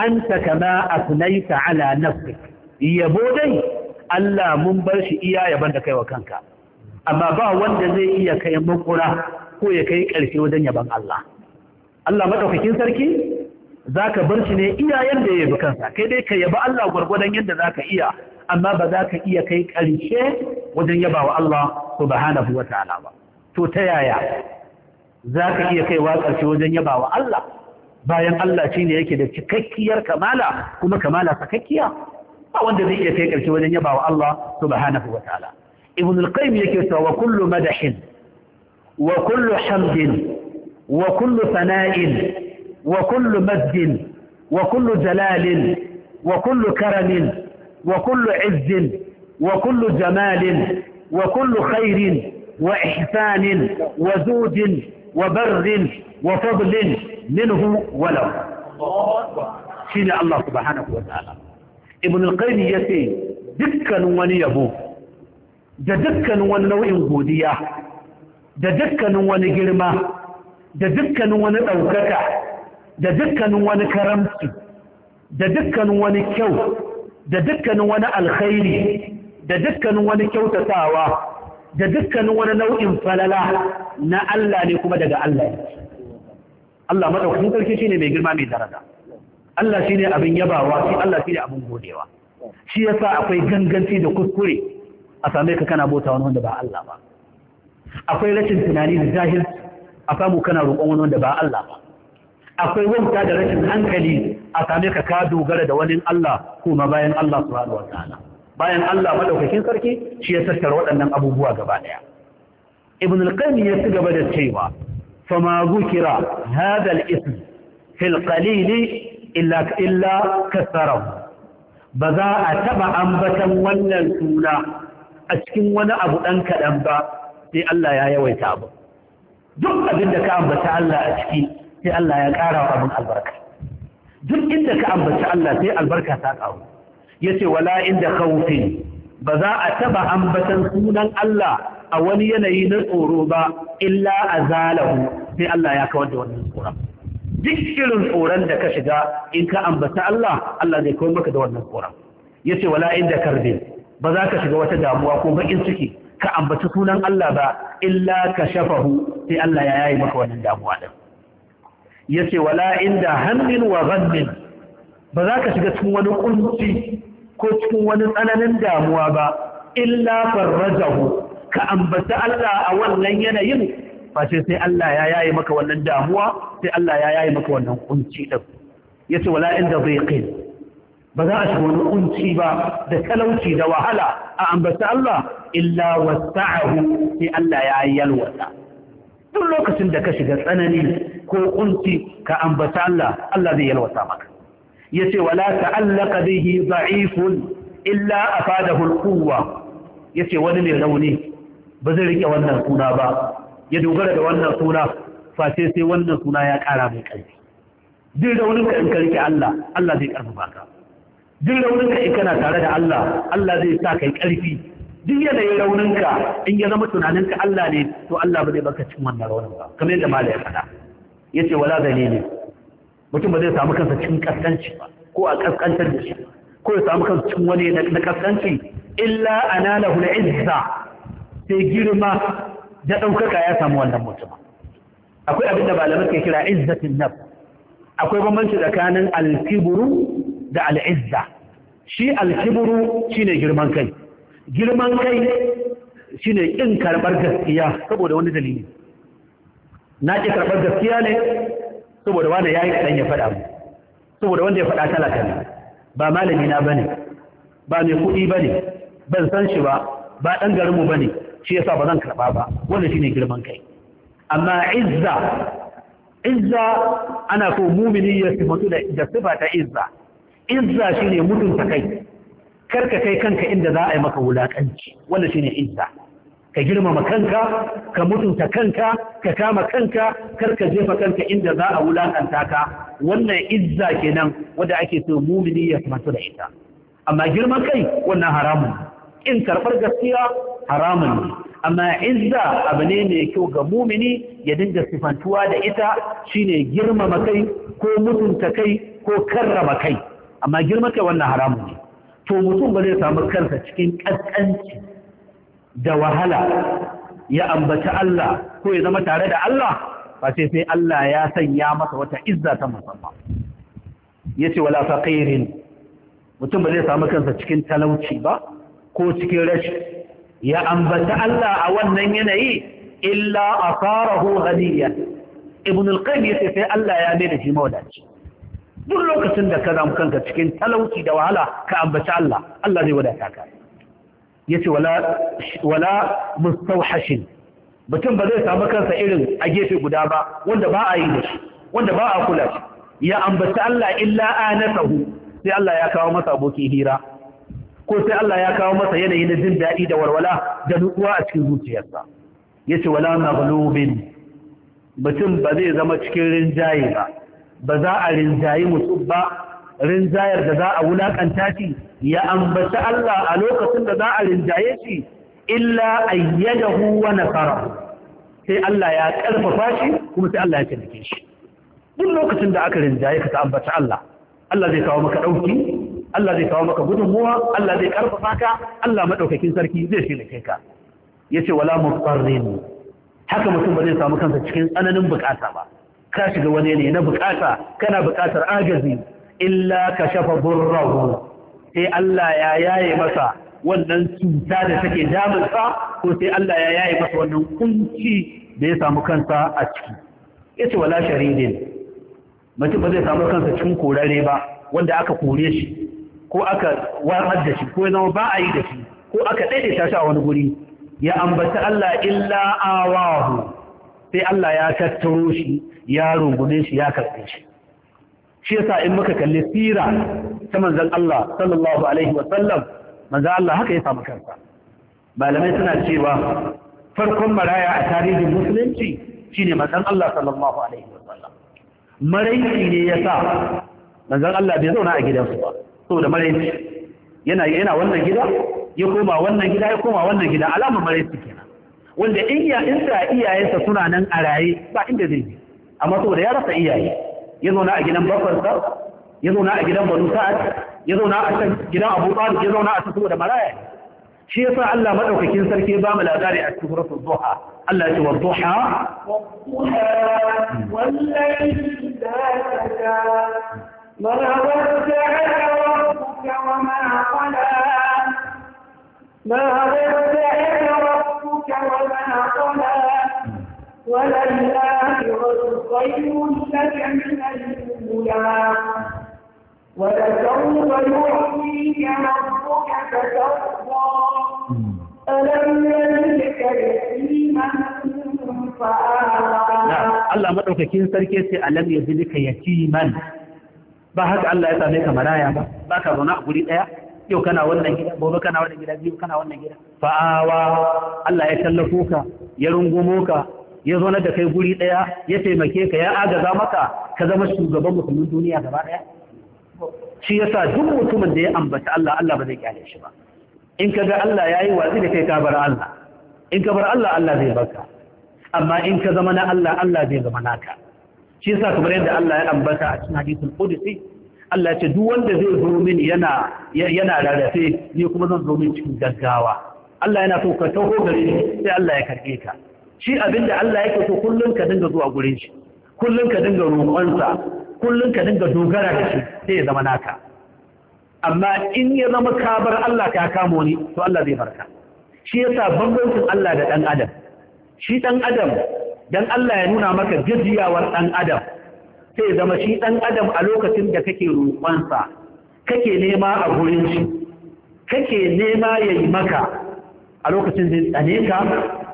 anta kama asnaita ala nafsik yabo dai Allah mun bar shi iya yaban da kai wa kanka amma ba wanda zai iya kai makura ko ya kai ƙarshe wajen yaban Allah Allah madaukakin sarki za ka bar shi ne iya da ya bi kansa kai dai ka yaba Allah gwargwadon yadda za ka iya amma ba za ka iya kai ƙarshe wajen yaba wa Allah subhanahu wa ta'ala ba to ta yaya za ka iya kaiwa ƙarshe wajen yaba wa Allah bayan Allah shi ne yake da cikakkiyar kamala kuma kamala sakakkiya ba wanda zai iya kai ƙarshe wajen yaba wa Allah subhanahu wa ta'ala ibn al-qayyim yake cewa wa kullu madahin wa kullu hamdin wa kullu sana'in وكل مد وكل جلال وكل كرم وكل عز وكل جمال وكل خير وإحسان وزود وبر وفضل منه ولو شين الله سبحانه وتعالى ابن القيم يتي دكا ونيه ددكا ونوئ قوديا ددكا ونقرما ددكا ونأوككا da dukkanin wani karamci da dukkanin wani kyau da dukkanin wani alkhairi da dukkanin wani kyautatawa da dukkanin wani nau'in falala na Allah ne kuma daga Allah ne Allah madaukakin sarki shine mai girma mai daraja Allah shine abin yabawa shi Allah shine abin godewa shi yasa akwai ganganci da kuskure a same ka kana bota wani wanda ba Allah ba akwai rashin tunani da jahil a samu kana roƙon wani wanda ba Allah ba akwai wauta da rashin hankali a same ka ka dogara da wani Allah kuma bayan Allah subhanahu wataala bayan Allah madaukakin sarki shi ya tattara waɗannan abubuwa gaba ɗaya ibn al-qayyim ya ci gaba da cewa fama zukira hadha al-ism fil qalil illa illa kasarahu ba za a taba ambatan wannan suna a cikin wani abu ɗan kaɗan ba sai Allah ya yawaita abu duk abin da ka ambata Allah a ciki sai Allah ya ƙara wa abin albarka duk inda ka ambaci Allah sai albarka ta Ya yace wala inda khawfin ba za a taba ambatan sunan Allah a wani yanayi na tsoro ba illa zalahu sai Allah ya kawar da wannan tsoron duk irin tsoron da ka shiga in ka ambata Allah Allah zai kawar maka da wannan tsoron yace wala inda karbin ba za ka shiga wata damuwa ko bakin ciki ka ambaci sunan Allah ba illa ka shafahu sai Allah ya yayi maka wannan damuwa din ya ce wala inda hannun wa zannin ba za ka shiga cikin wani kunci ko cikin wani tsananin damuwa ba illa farrajahu ka ambata Allah a wannan yanayin face sai Allah ya yaye maka wannan damuwa sai Allah ya yaye maka wannan kunci din yace wala inda dhiqin ba za a shiga wani kunci ba da talauci da wahala a ambata Allah illa wasa'ahu sai Allah ya yalwata duk lokacin da ka shiga tsanani ko kunci ka ambata Allah Allah zai yalwata maka yace wala ta'allaqa bihi dha'ifun illa afadahu al-quwwa yace wani ne rauni ba zai rike wannan suna ba ya dogara da wannan suna face sai wannan suna ya kara mai ƙarfi duk raunin ka in ka rike Allah Allah zai karfafa ka duk raunin ka in kana tare da Allah Allah zai sa kai ƙarfi duk yanayin rauninka in ya zama tunaninka Allah ne to Allah ba zai baka cin wannan raunin ba kamar yadda malaya faɗa ya ce wala zane ne mutum ba zai samu kansa cin kaskanci ba ko a kaskantar da shi ko ya samu kansa cin wani na kaskanci illa nana hula izza sai girma da ɗaukaka ya samu wannan mutum akwai abin da malamai ke kira izzatin nafs akwai bambanci tsakanin alkiburu da al'izza shi alkiburu shine girman kai girman kai shine ƙin karɓar gaskiya saboda wani dalili na ƙi karɓar gaskiya ne saboda wanda yi ɗan ya faɗa mu saboda wanda ya faɗa talaka ne ba malami na bane ba mai kuɗi bane ban san shi ba ba ɗan garin mu bane shi yasa ba zan karɓa ba wannan shine girman kai amma izza izza ana so mumini ya sifatu da sifa ta izza izza shine mutunta kai kar ka kai kanka inda za a yi maka wulakanci wanda shine izza ka girmama kanka ka mutunta kanka ka kama kanka kar ka jefa kanka inda za a wulakanta ka wannan izza kenan wanda ake so mumini ya kamata da ita amma girman kai wannan haramun in karɓar gaskiya haramun ne amma izza abu ne mai kyau ga mumini ya dinga sifantuwa da ita shine girmama kai ko mutunta kai ko karrama kai amma girman kai wannan haramun ne to mutum ba zai samu kansa cikin ƙasƙanci da wahala ya ambaci Allah ko ya zama tare da Allah ba sai sai Allah ya sanya masa wata izza ta musamman yace wala faqirin mutum ba zai samu kansa cikin talauci ba ko cikin rashi ya ambata Allah a wannan yanayi illa asarahu ghaniya ibn al-qayyim sai Allah ya mai da shi mawadaci duk lokacin da ka zamu kanka cikin talauci da wahala ka ambaci Allah Allah zai wadata ka yace wala wala mustawhashin mutum ba zai samu kansa irin a gefe guda ba wanda ba a yi da shi wanda ba a kula shi ya ambaci Allah illa anatahu sai Allah ya kawo masa abokin hira ko sai Allah ya kawo masa yanayi na jin daɗi da walwala da nutsuwa a cikin zuciyarsa Ya ce, wala maghlubin mutum ba zai zama cikin rinjaye ba ba za a rinjayi mutum ba rinjayar da za a wulakanta shi ya ambaci Allah a lokacin da za a rinjaye shi illa ayyadahu wa nasara sai Allah ya karfafa shi kuma sai Allah ya taimake shi duk lokacin da aka rinjaye ka ambaci Allah Allah zai kawo maka dauki Allah zai kawo maka gudunmuwa Allah zai karfafa ka Allah madaukakin sarki zai taimake ka yace wala mutarrin haka mutum ba zai samu kansa cikin tsananin bukata ba ka shiga wani ne na bukata kana bukatar agazi illa ka shafa burrahu sai Allah ya yaye masa wannan cuta da take damunsa ko sai Allah ya yaye masa wannan kunci da ya samu kansa a ciki yace wala sharidin mutum ba zai samu kansa cikin korare ba wanda aka kore shi ko aka warar da shi ko zama ba a yi da shi ko aka daidaita shi a wani guri ya ambata Allah illa awahu sai Allah ya tattaro shi ya rungume shi ya karɓe shi shi yasa in muka kalli sira ta manzon Allah sallallahu alaihi wa sallam manzon Allah haka ya samu kansa malamai suna cewa farkon maraya a tarihin musulunci shine manzon Allah sallallahu alaihi wa sallam maraici ne yasa manzon Allah bai zauna a gidansu ba saboda maraici yana yana wannan gida ya koma wannan gida ya koma wannan gida alamar maraici kenan wanda in ya iyayensa suna nan a raye ba inda zai je amma saboda ya rasa iyaye ya zauna a gidan bakwarsa ya zauna a gidan banu sa'ad ya zauna a can gidan abu talib ya zauna a can saboda maraya shi yasa Allah madaukakin sarki ba mu labari a cikin suratul duha Allah ya ce wa duha wallahi da ta ma wada'a rabbuka wa ma qala ma wada'a rabbuka wa ma qala Allah maɗaukakin sarki sai alam ya ji duka yatiman ba haka Allah ya same ka maraya ba ba ka zauna a guri ɗaya yau kana wannan gida gobe kana wannan gida biyu kana wannan gida fa'awa Allah ya tallafo ka ya rungumo ka ya zo da kai guri ɗaya ya taimake ka ya agaza maka ka zama shugaban musulmin duniya gaba ɗaya shi yasa duk mutumin da ya ambaci Allah Allah ba zai kyale shi ba in ka ga Allah ya yi watsi da kai ka bar Allah in ka bar Allah Allah zai baka amma in ka zama na Allah Allah zai zama naka shi yasa kamar yadda Allah ya ambata a cikin hadisul qudsi Allah ya ce duk wanda zai zo min yana yana rarrafe ni kuma zan zo min cikin gaggawa Allah yana so ka taho gare ni sai Allah ya karbe ka shi abin da Allah yake so kullum ka dinga zuwa gurin shi kullum ka dinga roƙonsa kullum ka dinga dogara da shi sai ya zama naka amma in ya zama ka bar Allah ka kama wani, to Allah zai barka shi yasa bambancin Allah da dan adam shi dan adam dan Allah ya nuna maka gajiyawar dan adam sai ya zama shi dan adam a lokacin da kake roƙonsa kake nema a gurin shi kake nema yayi maka a lokacin zai tsane ka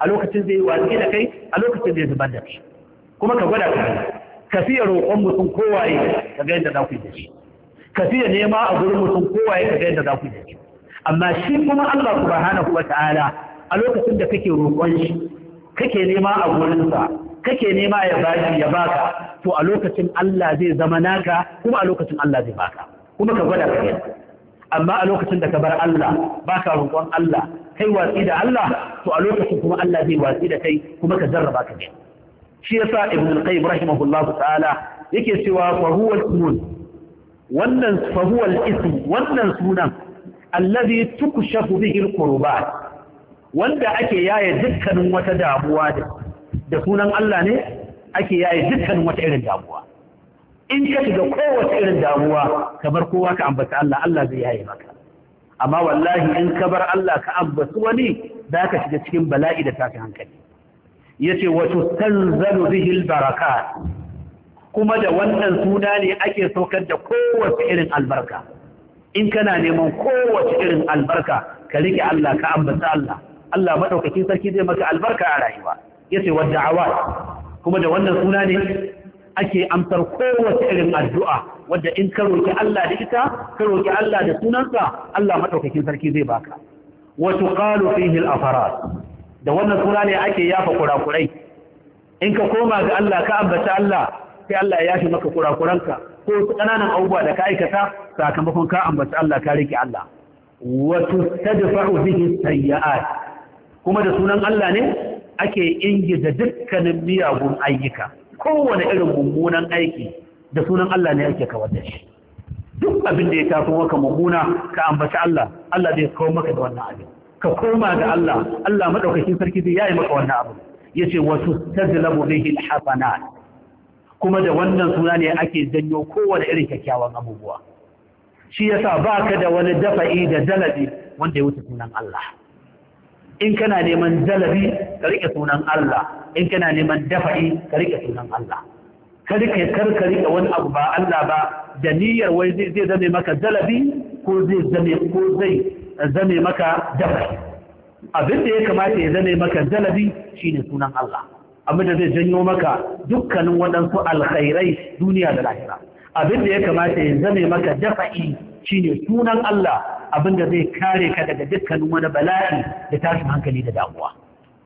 a lokacin zai watsi da kai a lokacin zai zubar da shi kuma ka gwada ka ka fiye roƙon mutum kowaye ka ga yadda za ku yi da shi ka fiye nema a gurin mutum kowaye ka ga yadda za ku yi da shi amma shi kuma Allah subhanahu wa ta'ala a lokacin da kake roƙon shi kake nema a gurinsa kake nema ya bashi ya baka to a lokacin Allah zai zama naka kuma a lokacin Allah zai baka kuma ka gwada ka yadda amma a lokacin da ka bar Allah ba ka roƙon Allah kai watsi da Allah to a lokacin kuma Allah zai watsi da kai kuma ka jarraba ka gani shi yasa ibn al-qayyim rahimahullahu ta'ala yake cewa fa huwa al wannan fa huwa al-ism wannan sunan allazi tukshafu bihi al-qurbat wanda ake yaye dukkanin wata damuwa da sunan Allah ne ake yaye dukkanin wata irin damuwa in ka shiga kowace irin damuwa ka bar kowa ka ambata Allah Allah zai yaye maka amma wallahi in ka bar Allah ka ambaci wani za ka shiga cikin bala'i da tashin hankali yace wa tustanzalu bihi albarakat kuma da wannan suna ne ake saukar da kowace irin albarka in kana neman kowace irin albarka ka rike Allah ka ambata Allah Allah madaukakin sarki zai maka albarka a rayuwa yace wa da'awat kuma da wannan suna ne ake amsar kowace irin addu'a wadda in ka roki Allah da ita ka roki Allah da sunansa Allah madaukakin sarki zai baka wa tuqalu fihi afarat da wannan suna ne ake yafa kurakurai in ka koma ga Allah ka ambata Allah sai Allah ya yafi maka kurakuranka ko ƙananan abubuwa da ka aikata sakamakon ka ambata Allah ka rike Allah wa tustadfa'u bihi sayyi'at kuma da sunan Allah ne ake ingida dukkanin miyagun ayyuka kowane irin mummunan aiki da sunan Allah ne ake kawar da shi duk abin da ya taso maka mummuna ka ambaci Allah Allah zai kawo maka da wannan abin ka koma ga Allah Allah madaukakin sarki zai yayi maka wannan abin yace wasu tazlabu bihi alhasanat kuma da wannan suna ne ake janyo kowane irin kyakkyawan abubuwa shi yasa baka da wani dafa'i da dalabi wanda ya wuce sunan Allah in kana neman jalabi ka rike sunan Allah in kana neman dafa'i ka rike sunan Allah ka rike kar ka rike wani abu ba Allah ba da niyyar wai zai zame maka jalabi ko zai zame ko zai zame maka dafa'i abin da ya kamata ya zame maka jalabi shine sunan Allah abin da zai janyo maka dukkanin waɗansu alkhairai duniya da lahira abin da ya kamata ya zame maka dafa'i shine sunan Allah abinda zai kare ka daga dukkanin wani bala'i da tashin hankali da damuwa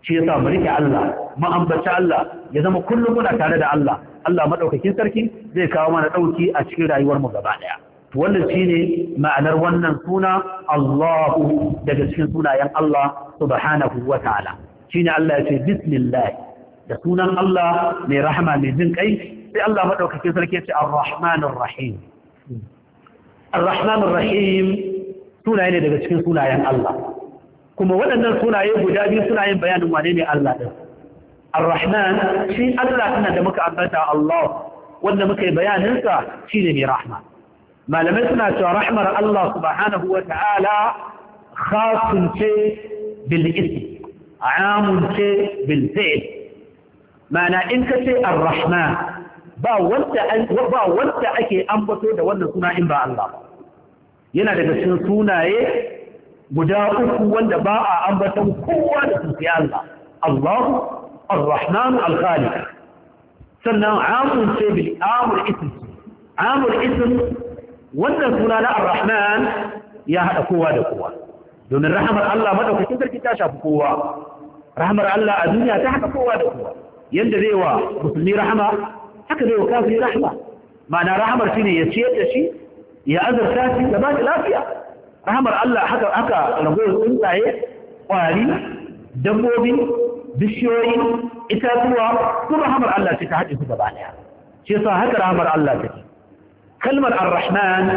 shi yasa mu rike Allah mu ambaci Allah ya zama kullum muna tare da Allah Allah madaukakin sarki zai kawo mana dauki a cikin rayuwar mu gaba daya wannan shi ne ma'anar wannan suna Allahu daga cikin sunayen Allah subhanahu wa ta'ala shi ne Allah ya ce bismillah da sunan Allah mai rahama mai jin kai sai Allah maɗaukakin sarki ce ar-rahmanir rahim الرحمن الرحيم سنة يعني دقى تكين سنة يعني الله كما ولدنا سنة يبو سنة يعني بيان وانيني الله الرحمن شيء الله سنة دمك أبدا الله وانمك بيان انسا شيء لني رحمة ما لم يسنى رحمة الله سبحانه وتعالى خاص شيء بالإسم عام شيء بالفعل معنى انك شيء الرحمن ba wanda ake ambato da wannan suna in ba Allah yana daga cikin sunaye guda uku wanda ba a ambaton kowa da su sai Allah Allah Ar-Rahman Al-Khaliq sannan amul ce bil amul ism amul ism wannan suna na Ar-Rahman ya hada kowa da kowa domin rahmar Allah madaukakin sarki ta shafi kowa rahmar Allah a duniya ta hada kowa da kowa yanda zai wa musulmi rahama haka ne wa kafiri rahma ma'ana rahamar shi ne ya ce da shi ya azarta shi ya ba shi lafiya rahamar Allah haka haka ragowar tsuntsaye ƙwari dabbobi bishiyoyi itatuwa ko rahamar Allah ce ta haɗe su gaba ɗaya shi yasa haka rahamar Allah ce. kalmar ar-rahman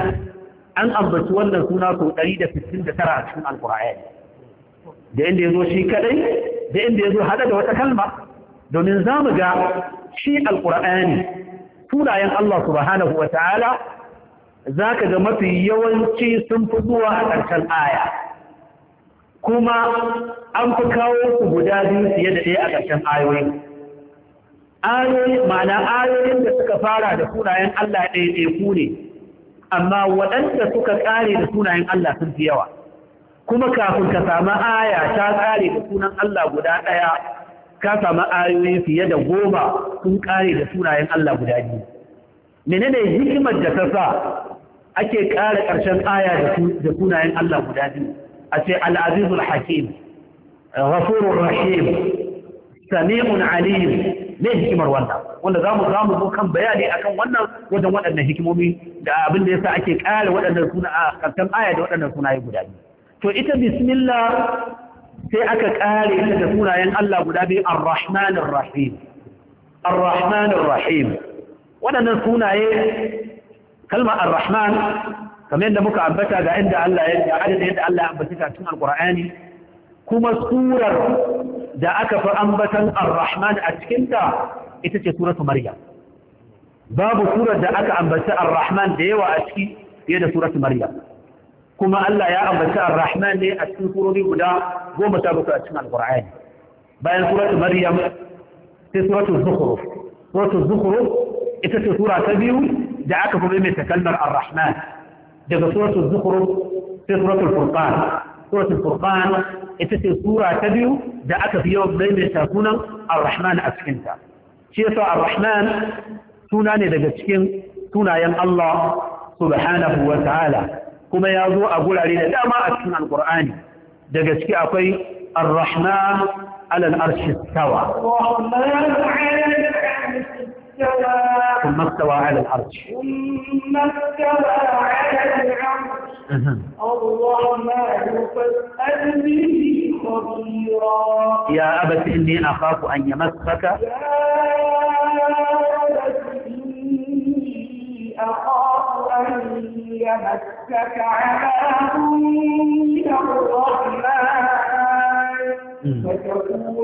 an ambaci wannan suna sau 169 a cikin alqur'ani da inda yazo shi kadai da inda yazo hada da wata kalma domin za mu ga shi alƙur'ani sunayen Allah subhanahu wa ta'ala za ka ga mafi yawanci sun fi zuwa a ƙarshen aya kuma an fi kawo su guda biyu fiye da ɗaya a ƙarshen ayoyi ayoyi ma'ana ayoyin da suka fara da sunayen Allah ɗaya ku ne amma waɗanda suka ƙare da sunayen Allah sun fi yawa kuma kafin ka samu aya ta ƙare da sunan Allah guda ɗaya ka samu ayoyi fiye da goma sun kare da sunayen Allah guda biyu menene hikimar da ta sa ake kare ƙarshen aya da sunayen Allah guda biyu a ce al-azizul hakim ghafurur rahim sami'un alim ne hikimar wannan wanda za mu zo kan bayani akan wannan wajen waɗannan hikimomi da abin da ya sa ake kare waɗannan suna a ƙarshen aya da waɗannan sunaye guda biyu to ita bismillah sai aka kare ta da sunayen Allah guda biyu Ar-Rahman rahim Ar-Rahman rahim waɗannan sunaye kalma Ar-Rahman kamar yadda muka ambata ga inda Allah ya adada yadda Allah ya ambata ta cikin Al-Qur'ani kuma surar da aka fi ambatan Ar-Rahman a cikinta ita ce suratu Maryam babu surar da aka ambata Ar-Rahman da yawa a ciki fiye da suratu Maryam kuma Allah ya ambaci ar-rahman ne a cikin surori guda goma sha bakwai a cikin alkur'ani bayan suratul maryam sai suratul zukhruf suratul zukhruf ita ce sura ta biyu da aka kuma mai takalmar ar-rahman daga suratul zukhruf sai suratul furqan suratul furqan ita ce sura ta biyu da aka fi yawan maimaita sunan ar-rahman a cikin ta shi yasa ar-rahman suna ne daga cikin sunayen Allah subhanahu wa ta'ala kuma ya zo a gurare da dama a cikin alkur'ani da gaske akwai arrahman rahman ala al-arshi tawa يا أبت إني أخاف أن يمسك يا أبت إني أخاف يمسك الرحمن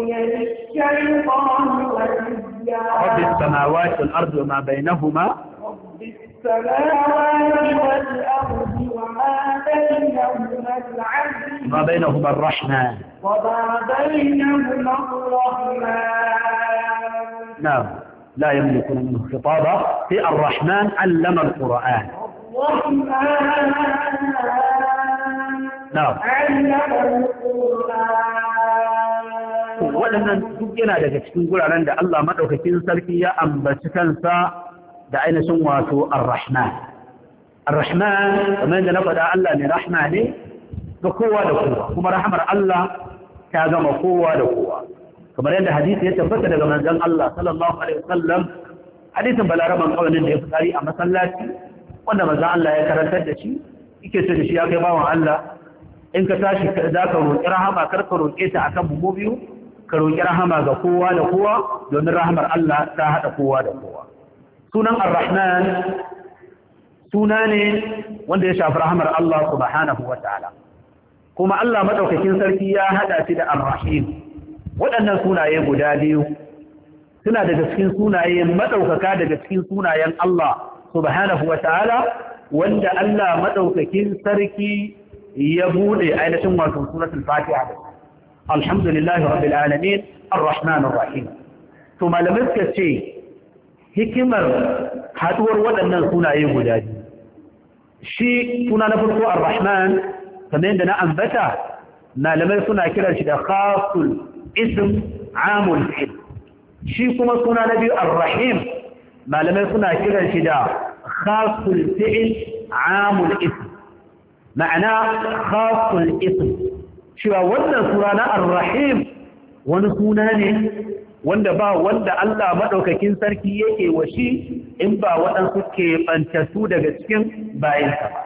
للشيطان رب السماوات والأرض وما بينهما رب السماوات والأرض وما بينهما العزيز وما بينهما الرحمن وما بينهما الرحمن نعم لا يملكون منه خطابا في الرحمن علم القرآن الرحمن waɗannan duk yana daga cikin guraren da Allah maɗaukakin sarki ya ambaci kansa da ainihin wato ar-rahman ar-rahman kamar yadda na faɗa Allah ne rahma ne ga kowa da kowa kuma rahmar Allah ta gama kowa da kowa kamar yadda hadisi ya tabbata daga manzon Allah sallallahu alaihi wasallam hadisin balaraban kawanin da ya fitari a masallaci wanda maza Allah ya karantar da shi yake so da shi ya kai bawan Allah in ka tashi za ka roƙi rahama kar ka roƙe ta akan buhu biyu ka roƙi rahama ga kowa da kowa domin rahamar Allah ta haɗa kowa da kowa sunan ar-rahman suna ne wanda ya shafi rahamar Allah subhanahu wa ta'ala kuma Allah maɗaukakin sarki ya hada shi da Ar-Rahim waɗannan sunaye guda biyu suna daga cikin sunaye maɗaukaka daga cikin sunayen Allah subhanahu wa wanda Allah madaukakin sarki ya bude ainihin wato suratul fatiha da alhamdulillahi rabbil alamin arrahmanir rahim to malamai suka ce hikimar haduwar waɗannan sunaye guda biyu shi suna na farko arrahman kamar yadda na ambata malamai suna kiran shi da khasul ism amul fi'l shi kuma suna na biyu arrahim malamai suna kiran shi da khasul fi'il amul ism ma'ana khasul ism cewa wannan sura na ar-rahim wani suna ne wanda ba wanda Allah madaukakin sarki yake washi in ba waɗansu ke bantattu daga cikin bayansa ba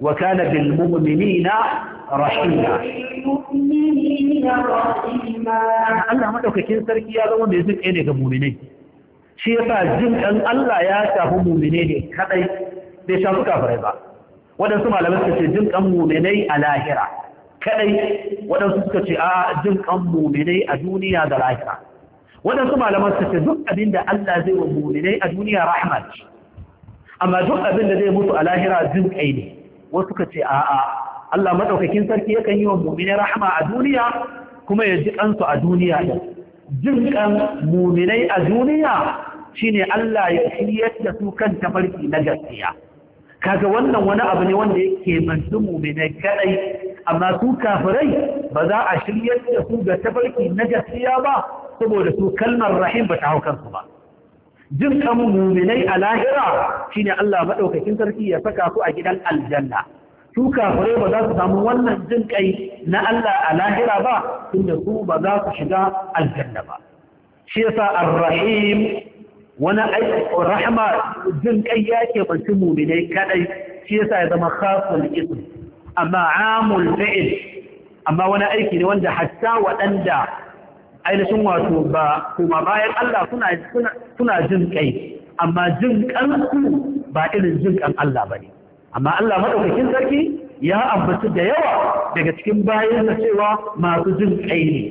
wa kana bil mu'minina rahima Allah madaukakin sarki ya zama mai zuƙe ne ga mu'minai shi yasa jin ɗan Allah ya shafi mumine ne kadai bai shafi kafirai ba waɗansu malamai suka ce jin ɗan muminai a lahira kadai waɗansu suka ce a jin ɗan muminai a duniya da lahira waɗansu malaman suka ce duk abin da Allah zai wa muminai a duniya rahmat amma duk abin da zai mutu a lahira jin kai ne wasu suka ce a a Allah madaukakin sarki yakan yi wa muminai rahama a duniya kuma ya ji kansu a duniya ɗin Jinƙan muminai a duniya shine Allah ya shiryar da su kan tafarki na gaskiya kaga wannan wani abu ne wanda yake mantu muminai kadai amma su kafirai ba za a shiryar da su ga tafarki na gaskiya ba saboda su kalmar rahim ba ta hau kansu ba jin kan muminai a lahira shine Allah madaukakin sarki ya saka su a gidan aljanna su kafare ba za su samu wannan jin kai na Allah a lahira ba tunda su ba za su shiga aljanna ba shi yasa ar-rahim wani rahama jin kai ya ke banci mu'minai kadai shi yasa ya zama khasul ism amma amul fi'l amma wani aiki ne wanda hatta waɗanda ainihin wato ba kuma bayan Allah suna suna jin kai amma jin kansu ba irin jin kan Allah bane amma Allah madaukakin sarki ya ambaci da yawa daga cikin bayansa cewa masu jin kai ne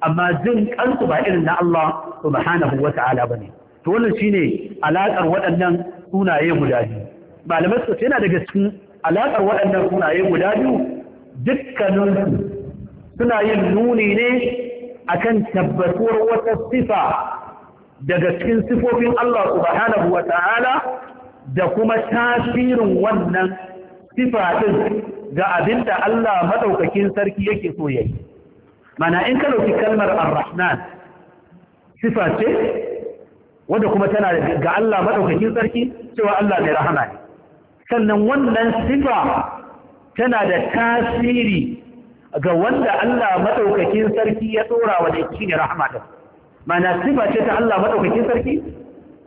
amma jin kansu ba irin na Allah subhanahu wata'ala bane to wannan shine alakar waɗannan sunaye guda biyu malamai su yana daga cikin alakar waɗannan sunaye guda biyu dukkaninsu suna yin nuni ne akan tabbatuwar wata sifa daga cikin sifofin Allah subhanahu wata'ala da kuma tasirin wannan sifa ga abinda Allah maɗaukakin sarki yake so ya yi. mana in ka dauki kalmar ar-rahman sifa ce wanda kuma tana ga Allah maɗaukakin sarki cewa Allah mai rahama ne sannan wannan sifa tana da tasiri ga wanda Allah maɗaukakin sarki ya tsora wa da shi ne rahama ta. mana sifa ce ta Allah maɗaukakin sarki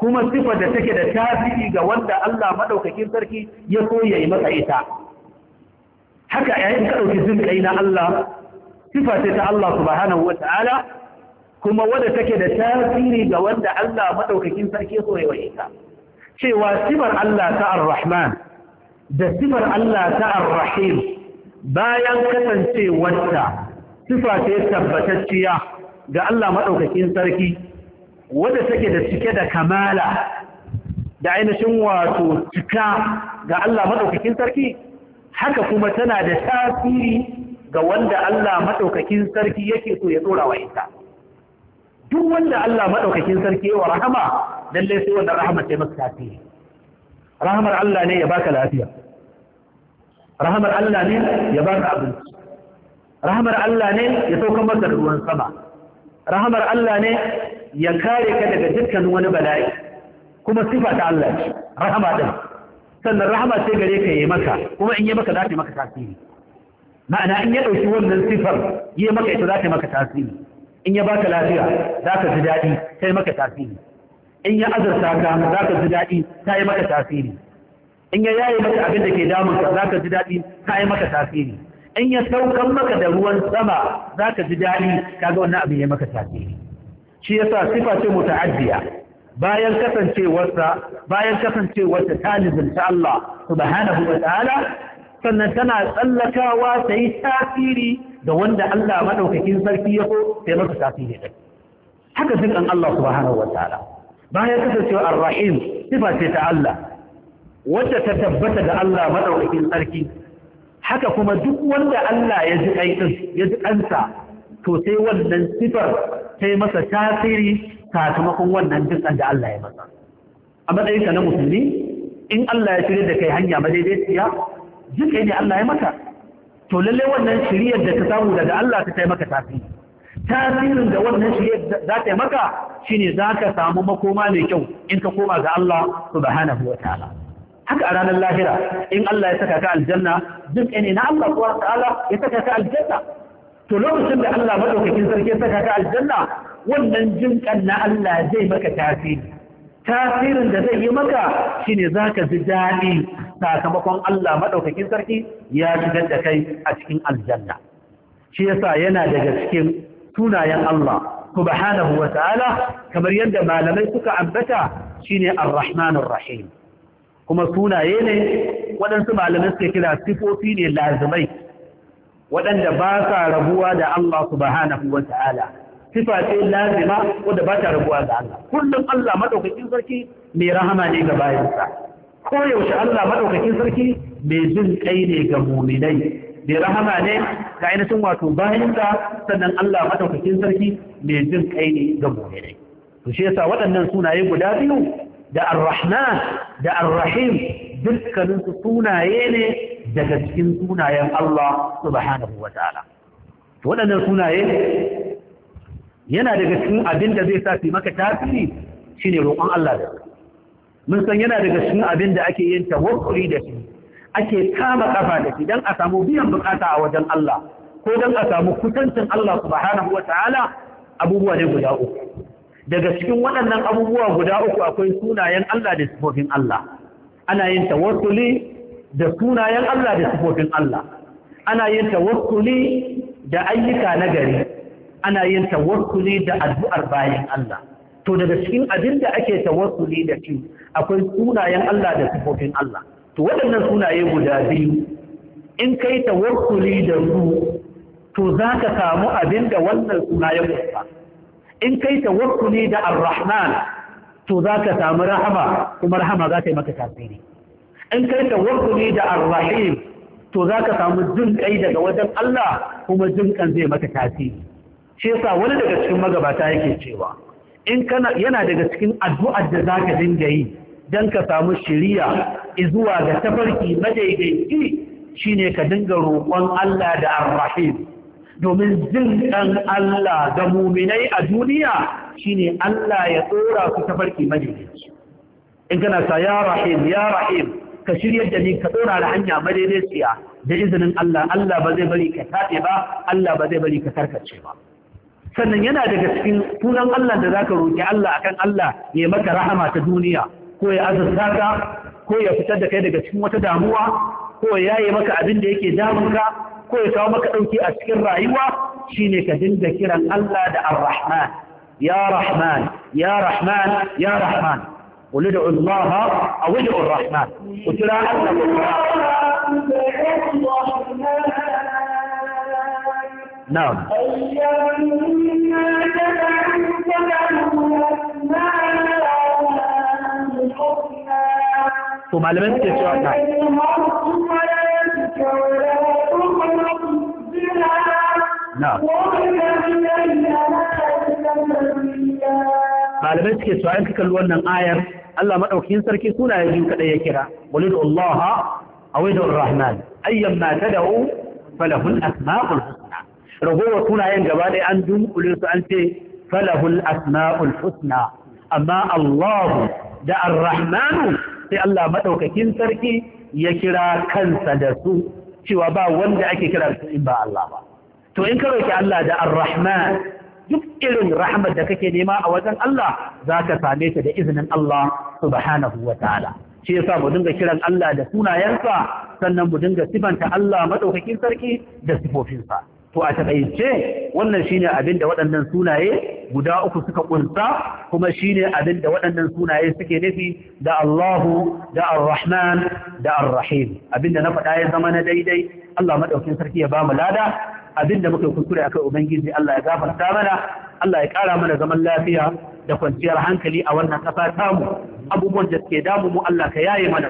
kuma sifar da take da tasiri ga wanda Allah madaukakin sarki ya so ya yi masa ita haka yayin ka dauki zulkai na Allah sifa ce ta Allah subhanahu wataala kuma wanda take da tasiri ga wanda Allah madaukakin sarki ya so ya yi ita cewa sifar Allah ta Ar-Rahman da sifar Allah ta Ar-Rahim bayan kasancewarta sifa ce tabbatacciya ga Allah madaukakin sarki wadda take da cike da kamala da ainihin wato cika ga Allah maɗaukakin sarki haka kuma tana da tasiri ga wanda Allah maɗaukakin sarki yake so ya tsora wa ita duk wanda Allah maɗaukakin sarki yawa rahama lallai sai wanda rahama sai masa tasiri rahamar Allah ne ya baka lafiya rahamar Allah ne ya baka abinci rahamar Allah ne ya sauka maka ruwan sama rahamar Allah ne ya kare ka daga dukkan wani bala'i kuma sifa ta Allah ce rahama din sannan rahama sai gare ka yi maka kuma in yi maka za ta maka tasiri ma'ana in ya ɗauki wannan sifar yi maka ita za ta maka tasiri in ya baka lafiya za ka ji daɗi ta yi maka tasiri in ya azurta ka za ka ji daɗi ta yi maka tasiri in ya yaye maka abin da ke ka, za ka ji daɗi ta yi maka tasiri in ya saukan maka da ruwan sama za ka ji daɗi kaga wannan abin ya maka tasiri shi yasa sifa ce muta'addiya bayan kasancewarsa bayan kasancewarsa talibin ta Allah subhanahu wa ta'ala sannan tana tsallakawa ta yi tasiri da wanda Allah madaukakin sarki ya ko sai masa tasiri da haka zikan Allah subhanahu wa ta'ala bayan kasancewa ar-rahim sifa ce ta Allah wacce ta tabbata da Allah madaukakin sarki haka kuma duk wanda Allah ya ji kai ya ji kansa to sai wannan sifar sai masa tasiri sakamakon wannan dukkan da Allah ya masa a matsayin ka na musulmi in Allah ya shirya da kai hanya madaidaiciya duka ne Allah ya maka to lalle wannan shiryar da ka samu daga Allah ta kai maka tasiri tasirin da wannan shiryar za ta yi maka shine za ka samu makoma mai kyau in ka koma ga Allah subhanahu wa ta'ala haka a ranar lahira in Allah ya saka ka aljanna duk ne na Allah subhanahu wa ta'ala ya saka ka aljanna to lokacin da Allah maɗaukakin sarki saka ka aljanna wannan jin kan na Allah zai maka tasiri tasirin da zai yi maka shine zaka ji daɗi sakamakon Allah maɗaukakin sarki ya shigar da kai a cikin aljanna shi yasa yana daga cikin sunayen Allah subhanahu wata'ala kamar yadda malamai suka ambata shine ar-rahmanur rahim kuma sunaye ne waɗansu malamai suka kira sifofi ne lazimai waɗanda ba sa rabuwa da Allah subhanahu wa ta'ala sifa ce lazima wadda ba ta rabuwa ga Allah kullum Allah maɗaukakin sarki mai rahama ne ga bayansa ko yaushe Allah maɗaukakin sarki mai jin kai ne ga muminai mai rahama ne ga ainihin wato bayansa sannan Allah maɗaukakin sarki mai jin kai ne ga muminai to shi yasa waɗannan sunaye guda biyu da Ar-Rahman da Ar-Rahim dukkaninsu sunaye ne daga cikin sunayen Allah subhanahu wa ta'ala waɗannan sunaye yana daga cikin abin da zai sa fi maka tasiri ne roƙon Allah da mun san yana daga cikin abin da ake yin tawakkuli da shi ake kama ƙafa da shi don a samu biyan bukata a wajen Allah ko don a samu kusancin Allah subhanahu wataala abubuwa ne guda uku daga cikin waɗannan abubuwa guda uku akwai sunayen Allah da sifofin Allah ana yin tawassuli da sunayen Allah da sifofin Allah ana yin tawassuli da ayyuka na gari ana yin tawassuli da addu'ar bayan Allah to daga cikin abin da ake tawassuli da shi akwai sunayen Allah da sifofin Allah to waɗannan sunaye guda biyu in kai tawassuli da su to za ka samu abin da wannan sunayen musa in kai tawassuli da ar-rahman to za ka samu rahama kuma rahama za ta yi maka tasiri in kai ne da arrahim to za ka samu jin kai daga wajen Allah kuma jin kan zai maka tasiri shi yasa wani daga cikin magabata yake cewa in kana yana daga cikin addu'ar da za ka dinga yi don ka samu shiriya zuwa ga tafarki madaidaici shine ka dinga roƙon Allah da arrahim domin jin ɗan Allah ga muminai a duniya shine Allah ya tsora su ta farki madaidaici in kana sa ya rahim ya rahim ka shiryar da ni ka tsora da hanya madaidaiciya da izinin Allah Allah ba zai bari ka tabe ba Allah ba zai bari ka karkace ba sannan yana daga cikin sunan Allah da zaka roki Allah akan Allah ya maka rahama ta duniya ko ya azurta ka ko ya fitar da kai daga cikin wata damuwa ko ya yi maka abin da yake damunka ko ya kawo maka dauki a cikin rayuwa shine ka dinga kiran Allah da Ar-Rahman يا رحمن يا رحمن يا رحمن قل ادعوا الله أو ادعوا الرحمن قلت لا أسأل نعم to malaman suke cewa نعم malamai suke cewa in kalli wannan ayar Allah madaukakin sarki sunaye biyu kadai ya kira walidu Allah awidu Rahman ayyan ma tad'u falahul asma'ul husna ragowa sunayen gaba ɗaya an dunkule su an ce falahul asma'ul husna amma Allah da ar rahmanu sai Allah maɗaukakin sarki ya kira kansa da su cewa ba wanda ake kira su in ba Allah ba to in ka roki Allah da Ar-Rahman duk irin rahmar da kake nema a wajen Allah za ka same ta da izinin Allah subhanahu wa ta'ala shi yasa mu dinga kiran Allah da sunayensa sannan mu dinga sifanta Allah madaukakin sarki da sifofinsa to a taƙaice wannan shine abin da waɗannan sunaye guda uku suka kunsa kuma shine abin da waɗannan sunaye suke nufi da Allahu da Ar-Rahman da Ar-Rahim abinda na faɗa ya zama na daidai Allah maɗaukin sarki ya ba mu lada abinda muka yi kuskure akai ubangiji Allah ya gafarta mana Allah ya kara mana zaman lafiya da kwanciyar hankali a wannan kasa tamu abubuwan da suke damu mu Allah ka yaye mana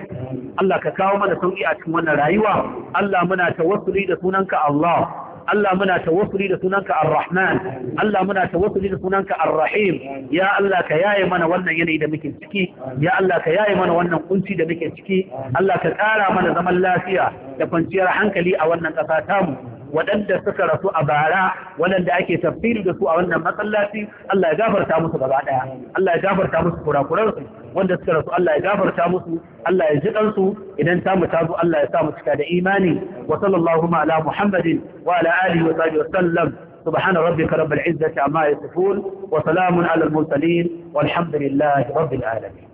Allah ka kawo mana sauki a cikin wannan rayuwa Allah muna tawassuli da sunanka Allah Allah muna tawassuli da sunanka Ar-Rahman Allah muna da sunanka Ar-Rahim ya Allah ka yaye mana wannan yanayi da muke ciki ya Allah ka yaye mana wannan kunci da muke ciki Allah ka kara mana zaman lafiya da kwanciyar hankali a wannan ƙasa tamu waɗanda suka rasu a bara waɗanda ake tafsiri da su a wannan masallaci Allah ya gafarta musu gaba ɗaya Allah ya gafarta musu kurakuransu wanda suka rasu Allah ya gafarta musu Allah ya jidan su idan ta mu tazo Allah ya sa mu cika da imani wa sallallahu ala muhammadin wa ala alihi wa sahbihi sallam subhana rabbika rabbil izzati amma yasifun wa salamun ala al mursalin walhamdulillahi rabbil alamin